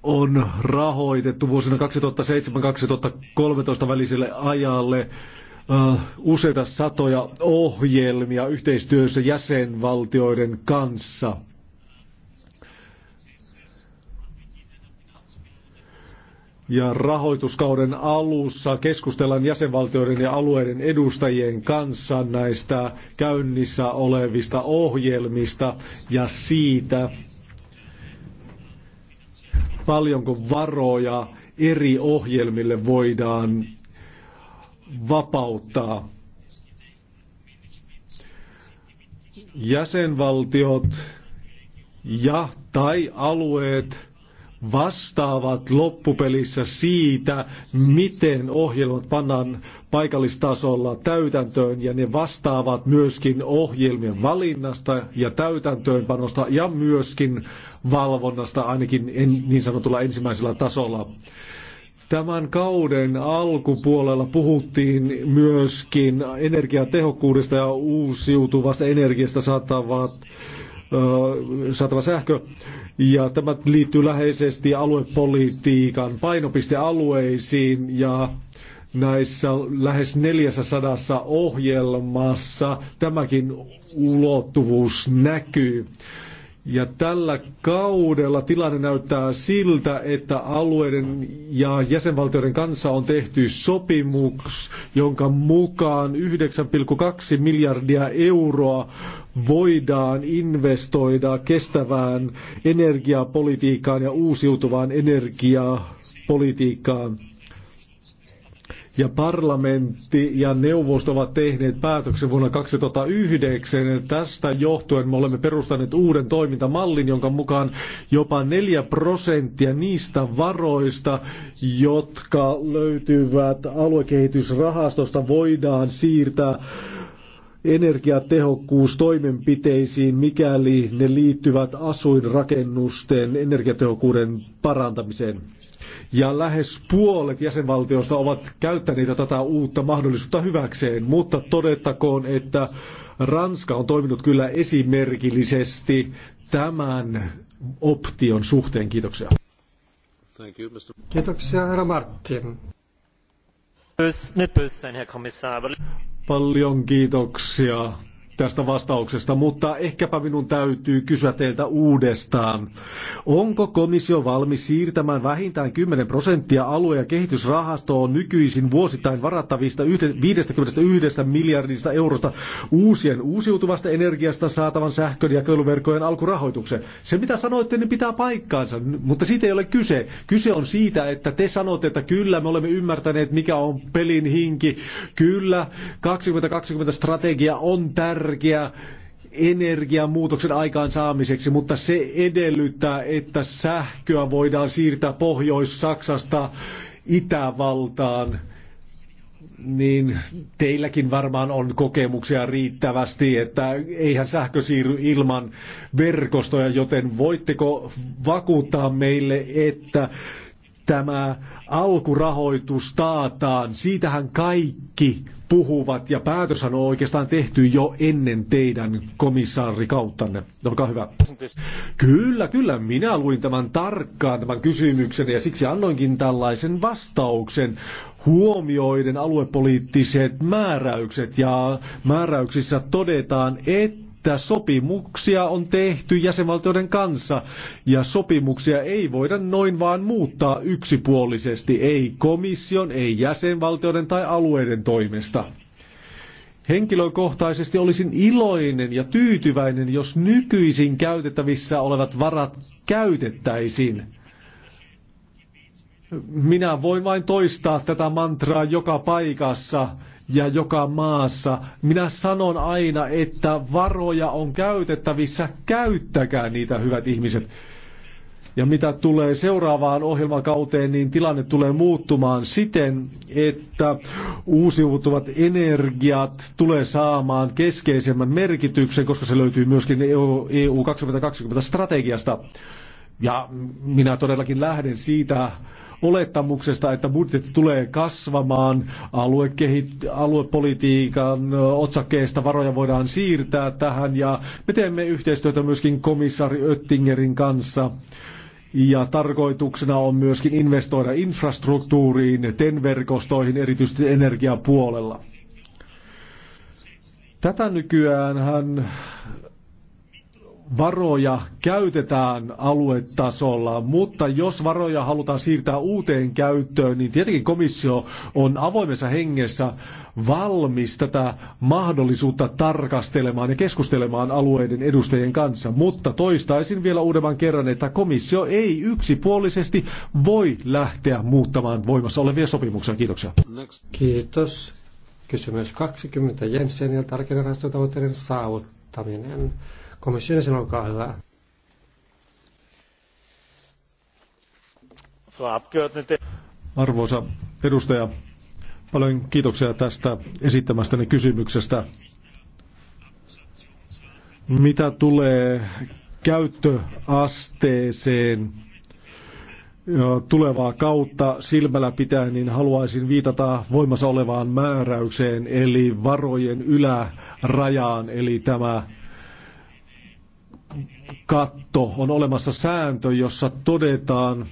on rahoitettu vuosina 2007-2013 väliselle ajalle Äh, useita satoja ohjelmia yhteistyössä jäsenvaltioiden kanssa. Ja rahoituskauden alussa keskustellaan jäsenvaltioiden ja alueiden edustajien kanssa näistä käynnissä olevista ohjelmista ja siitä, paljonko varoja eri ohjelmille voidaan vapauttaa. Jäsenvaltiot ja tai alueet vastaavat loppupelissä siitä, miten ohjelmat pannaan paikallistasolla täytäntöön ja ne vastaavat myöskin ohjelmien valinnasta ja täytäntöönpanosta ja myöskin valvonnasta ainakin niin sanotulla ensimmäisellä tasolla. Tämän kauden alkupuolella puhuttiin myöskin energiatehokkuudesta ja uusiutuvasta energiasta saatavat saatava sähkö. Ja tämä liittyy läheisesti aluepolitiikan painopistealueisiin ja näissä lähes 400 ohjelmassa tämäkin ulottuvuus näkyy. Ja tällä kaudella tilanne näyttää siltä, että alueiden ja jäsenvaltioiden kanssa on tehty sopimus, jonka mukaan 9,2 miljardia euroa voidaan investoida kestävään energiapolitiikkaan ja uusiutuvaan energiapolitiikkaan ja parlamentti ja neuvosto ovat tehneet päätöksen vuonna 2009. Ja tästä johtuen me olemme perustaneet uuden toimintamallin, jonka mukaan jopa 4 prosenttia niistä varoista, jotka löytyvät aluekehitysrahastosta, voidaan siirtää energiatehokkuustoimenpiteisiin, mikäli ne liittyvät asuinrakennusten energiatehokkuuden parantamiseen ja lähes puolet jäsenvaltioista ovat käyttäneet tätä uutta mahdollisuutta hyväkseen, mutta todettakoon, että Ranska on toiminut kyllä esimerkillisesti tämän option suhteen. Kiitoksia. Kiitoksia, herra Martin. Paljon kiitoksia, tästä vastauksesta, mutta ehkäpä minun täytyy kysyä teiltä uudestaan. Onko komissio valmis siirtämään vähintään 10 prosenttia alue- ja kehitysrahastoon nykyisin vuosittain varattavista 51 miljardista eurosta uusien uusiutuvasta energiasta saatavan sähkön ja köilyverkkojen alkurahoitukseen? Se mitä sanoitte, niin pitää paikkaansa, mutta siitä ei ole kyse. Kyse on siitä, että te sanotte, että kyllä me olemme ymmärtäneet, mikä on pelin hinki. Kyllä, 2020 strategia on tärkeä energia, energiamuutoksen aikaansaamiseksi, mutta se edellyttää, että sähköä voidaan siirtää Pohjois-Saksasta Itävaltaan. Niin teilläkin varmaan on kokemuksia riittävästi, että eihän sähkö siirry ilman verkostoja, joten voitteko vakuuttaa meille, että tämä alkurahoitus taataan. Siitähän kaikki puhuvat ja päätös on oikeastaan tehty jo ennen teidän komissaarikauttanne. Olkaa hyvä. Kyllä, kyllä. Minä luin tämän tarkkaan tämän kysymyksen ja siksi annoinkin tällaisen vastauksen huomioiden aluepoliittiset määräykset ja määräyksissä todetaan, että että sopimuksia on tehty jäsenvaltioiden kanssa ja sopimuksia ei voida noin vaan muuttaa yksipuolisesti, ei komission, ei jäsenvaltioiden tai alueiden toimesta. Henkilökohtaisesti olisin iloinen ja tyytyväinen, jos nykyisin käytettävissä olevat varat käytettäisiin. Minä voin vain toistaa tätä mantraa joka paikassa ja joka maassa. Minä sanon aina, että varoja on käytettävissä, käyttäkää niitä hyvät ihmiset. Ja mitä tulee seuraavaan ohjelmakauteen, niin tilanne tulee muuttumaan siten, että uusiutuvat energiat tulee saamaan keskeisemmän merkityksen, koska se löytyy myöskin EU 2020 e strategiasta. Ja minä todellakin lähden siitä olettamuksesta, että budjetti tulee kasvamaan, aluekehit- aluepolitiikan otsakkeesta varoja voidaan siirtää tähän ja me teemme yhteistyötä myöskin komissaari Öttingerin kanssa. Ja tarkoituksena on myöskin investoida infrastruktuuriin, TEN-verkostoihin, erityisesti energiapuolella. Tätä nykyään hän varoja käytetään aluetasolla, mutta jos varoja halutaan siirtää uuteen käyttöön, niin tietenkin komissio on avoimessa hengessä valmis tätä mahdollisuutta tarkastelemaan ja keskustelemaan alueiden edustajien kanssa. Mutta toistaisin vielä uudemman kerran, että komissio ei yksipuolisesti voi lähteä muuttamaan voimassa olevia sopimuksia. Kiitoksia. Kiitos. Kysymys 20. Jenseniltä tarkennerastotavoitteiden saavuttaminen. Komission jäsen, olkaa hyvä. Arvoisa edustaja, paljon kiitoksia tästä esittämästäni kysymyksestä. Mitä tulee käyttöasteeseen tulevaa kautta silmällä pitää, niin haluaisin viitata voimassa olevaan määräykseen, eli varojen ylärajaan, eli tämä katto. On olemassa sääntö, jossa todetaan,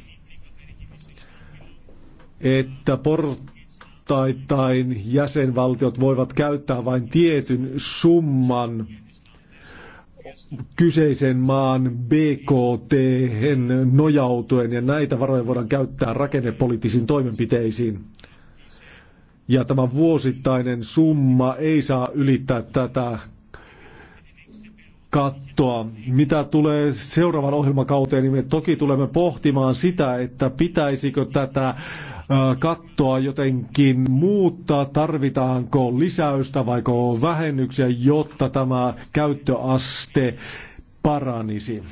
että portaittain jäsenvaltiot voivat käyttää vain tietyn summan kyseisen maan BKT nojautuen ja näitä varoja voidaan käyttää rakennepoliittisiin toimenpiteisiin. Ja tämä vuosittainen summa ei saa ylittää tätä kattoa. Mitä tulee seuraavan ohjelmakauteen, niin me toki tulemme pohtimaan sitä, että pitäisikö tätä kattoa jotenkin muuttaa, tarvitaanko lisäystä vai vähennyksiä, jotta tämä käyttöaste paranisi.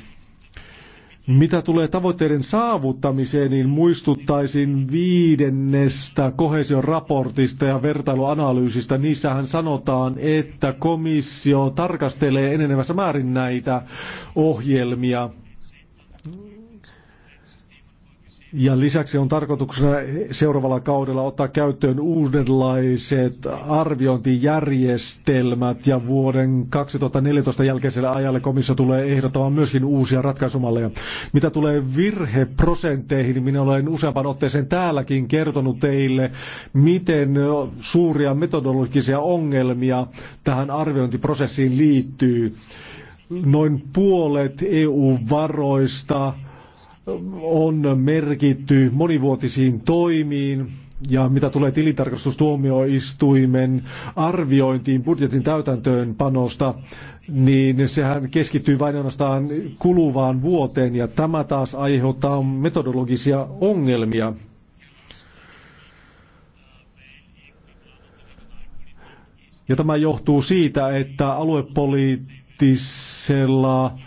Mitä tulee tavoitteiden saavuttamiseen, niin muistuttaisin viidennestä kohesion raportista ja vertailuanalyysistä. Niissähän sanotaan, että komissio tarkastelee enenevässä määrin näitä ohjelmia ja lisäksi on tarkoituksena seuraavalla kaudella ottaa käyttöön uudenlaiset arviointijärjestelmät ja vuoden 2014 jälkeiselle ajalle komissio tulee ehdottamaan myöskin uusia ratkaisumalleja. Mitä tulee virheprosenteihin, niin minä olen useampaan otteeseen täälläkin kertonut teille, miten suuria metodologisia ongelmia tähän arviointiprosessiin liittyy. Noin puolet EU-varoista on merkitty monivuotisiin toimiin ja mitä tulee tilintarkastustuomioistuimen arviointiin budjetin täytäntöönpanosta, niin sehän keskittyy vain ainoastaan kuluvaan vuoteen ja tämä taas aiheuttaa metodologisia ongelmia. Ja tämä johtuu siitä, että aluepoliittisella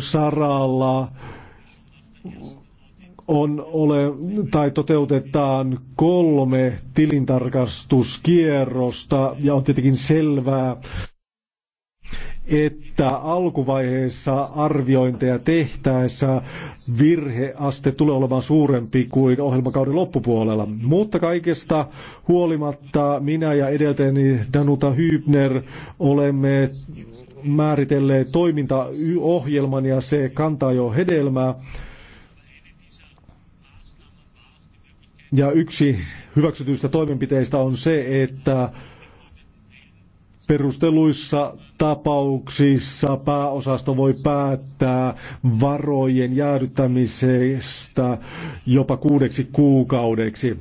saralla on ole, tai toteutetaan kolme tilintarkastuskierrosta ja on tietenkin selvää, että alkuvaiheessa arviointeja tehtäessä virheaste tulee olemaan suurempi kuin ohjelmakauden loppupuolella. Mutta kaikesta huolimatta minä ja edeltäni Danuta Hybner olemme määritelleet toimintaohjelman ja se kantaa jo hedelmää. Ja yksi hyväksytyistä toimenpiteistä on se, että perusteluissa tapauksissa pääosasto voi päättää varojen jäädyttämisestä jopa kuudeksi kuukaudeksi.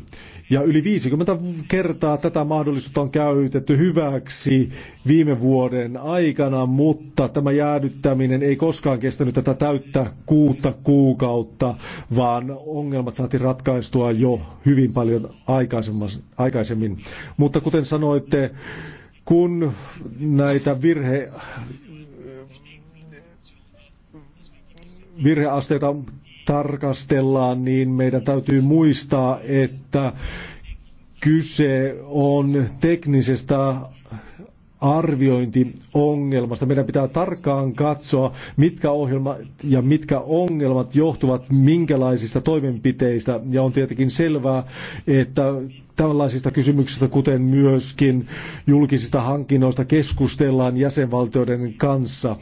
Ja yli 50 kertaa tätä mahdollisuutta on käytetty hyväksi viime vuoden aikana, mutta tämä jäädyttäminen ei koskaan kestänyt tätä täyttä kuutta kuukautta, vaan ongelmat saatiin ratkaistua jo hyvin paljon aikaisemmin. Mutta kuten sanoitte, kun näitä virhe virheasteita tarkastellaan, niin meidän täytyy muistaa, että kyse on teknisestä arviointiongelmasta. Meidän pitää tarkkaan katsoa, mitkä ohjelmat ja mitkä ongelmat johtuvat minkälaisista toimenpiteistä. Ja on tietenkin selvää, että tällaisista kysymyksistä, kuten myöskin julkisista hankinnoista, keskustellaan jäsenvaltioiden kanssa.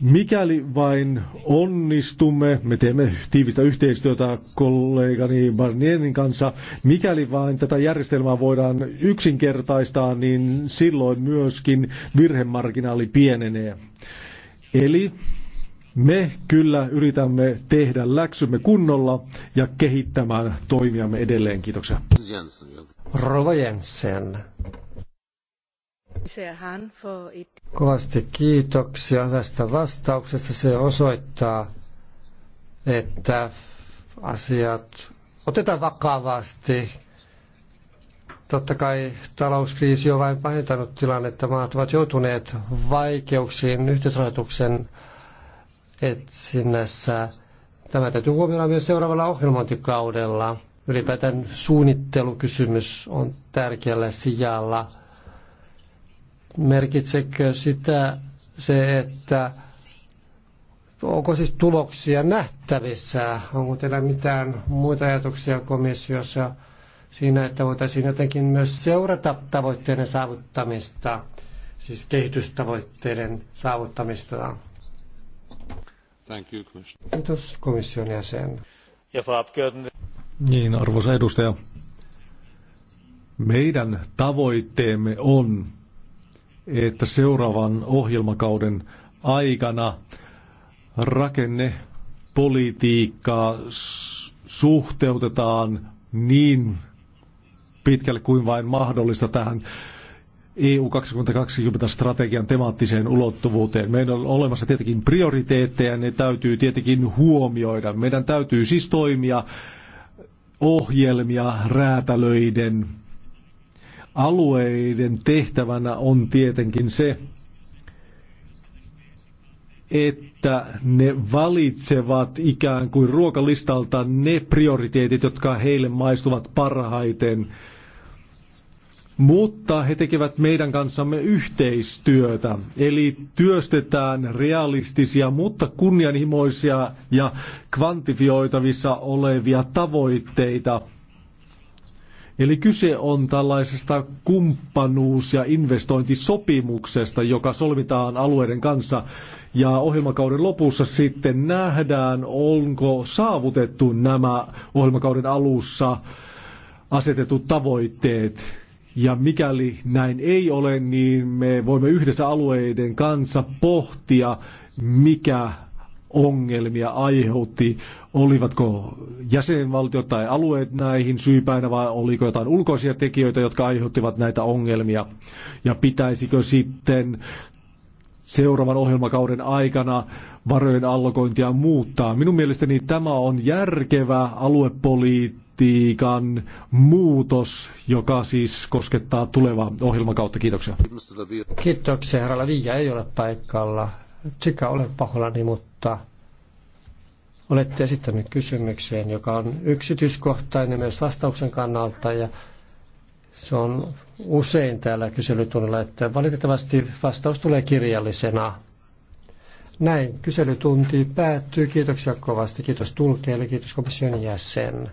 Mikäli vain onnistumme, me teemme tiivistä yhteistyötä kollegani Barnierin kanssa, mikäli vain tätä järjestelmää voidaan yksinkertaistaa, niin silloin myöskin virhemarginaali pienenee. Eli me kyllä yritämme tehdä läksymme kunnolla ja kehittämään toimiamme edelleen. Kiitoksia. Rova Jensen. Kovasti kiitoksia hyvästä vastauksesta. Se osoittaa, että asiat otetaan vakavasti. Totta kai talouskriisi on vain pahentanut tilannetta. Maat ovat joutuneet vaikeuksiin yhteisrahoituksen etsinnässä. Tämä täytyy huomioida myös seuraavalla ohjelmointikaudella. Ylipäätään suunnittelukysymys on tärkeällä sijalla. Merkitsekö sitä se, että onko siis tuloksia nähtävissä? Onko teillä mitään muita ajatuksia komissiossa siinä, että voitaisiin jotenkin myös seurata tavoitteiden saavuttamista, siis kehitystavoitteiden saavuttamista? Thank you, Kiitos komission jäsen. Niin, arvoisa edustaja. Meidän tavoitteemme on että seuraavan ohjelmakauden aikana rakenne politiikkaa suhteutetaan niin pitkälle kuin vain mahdollista tähän EU 2020 strategian temaattiseen ulottuvuuteen. Meillä on olemassa tietenkin prioriteetteja, ne täytyy tietenkin huomioida. Meidän täytyy siis toimia ohjelmia räätälöiden Alueiden tehtävänä on tietenkin se, että ne valitsevat ikään kuin ruokalistalta ne prioriteetit, jotka heille maistuvat parhaiten. Mutta he tekevät meidän kanssamme yhteistyötä, eli työstetään realistisia, mutta kunnianhimoisia ja kvantifioitavissa olevia tavoitteita – Eli kyse on tällaisesta kumppanuus- ja investointisopimuksesta, joka solmitaan alueiden kanssa. Ja ohjelmakauden lopussa sitten nähdään, onko saavutettu nämä ohjelmakauden alussa asetetut tavoitteet. Ja mikäli näin ei ole, niin me voimme yhdessä alueiden kanssa pohtia, mikä ongelmia aiheutti Olivatko jäsenvaltiot tai alueet näihin syypäinä vai oliko jotain ulkoisia tekijöitä, jotka aiheuttivat näitä ongelmia? Ja pitäisikö sitten seuraavan ohjelmakauden aikana varojen allokointia muuttaa? Minun mielestäni tämä on järkevä aluepolitiikan muutos, joka siis koskettaa tulevaa ohjelmakautta. Kiitoksia. Kiitoksia, herra Lavia ei ole paikalla. Sika, olen pahoillani, mutta Olette esittänyt kysymykseen, joka on yksityiskohtainen myös vastauksen kannalta ja se on usein täällä kyselytunnilla, että valitettavasti vastaus tulee kirjallisena. Näin kyselytunti päättyy. Kiitoksia kovasti. Kiitos tulkeille, kiitos komission jäsen.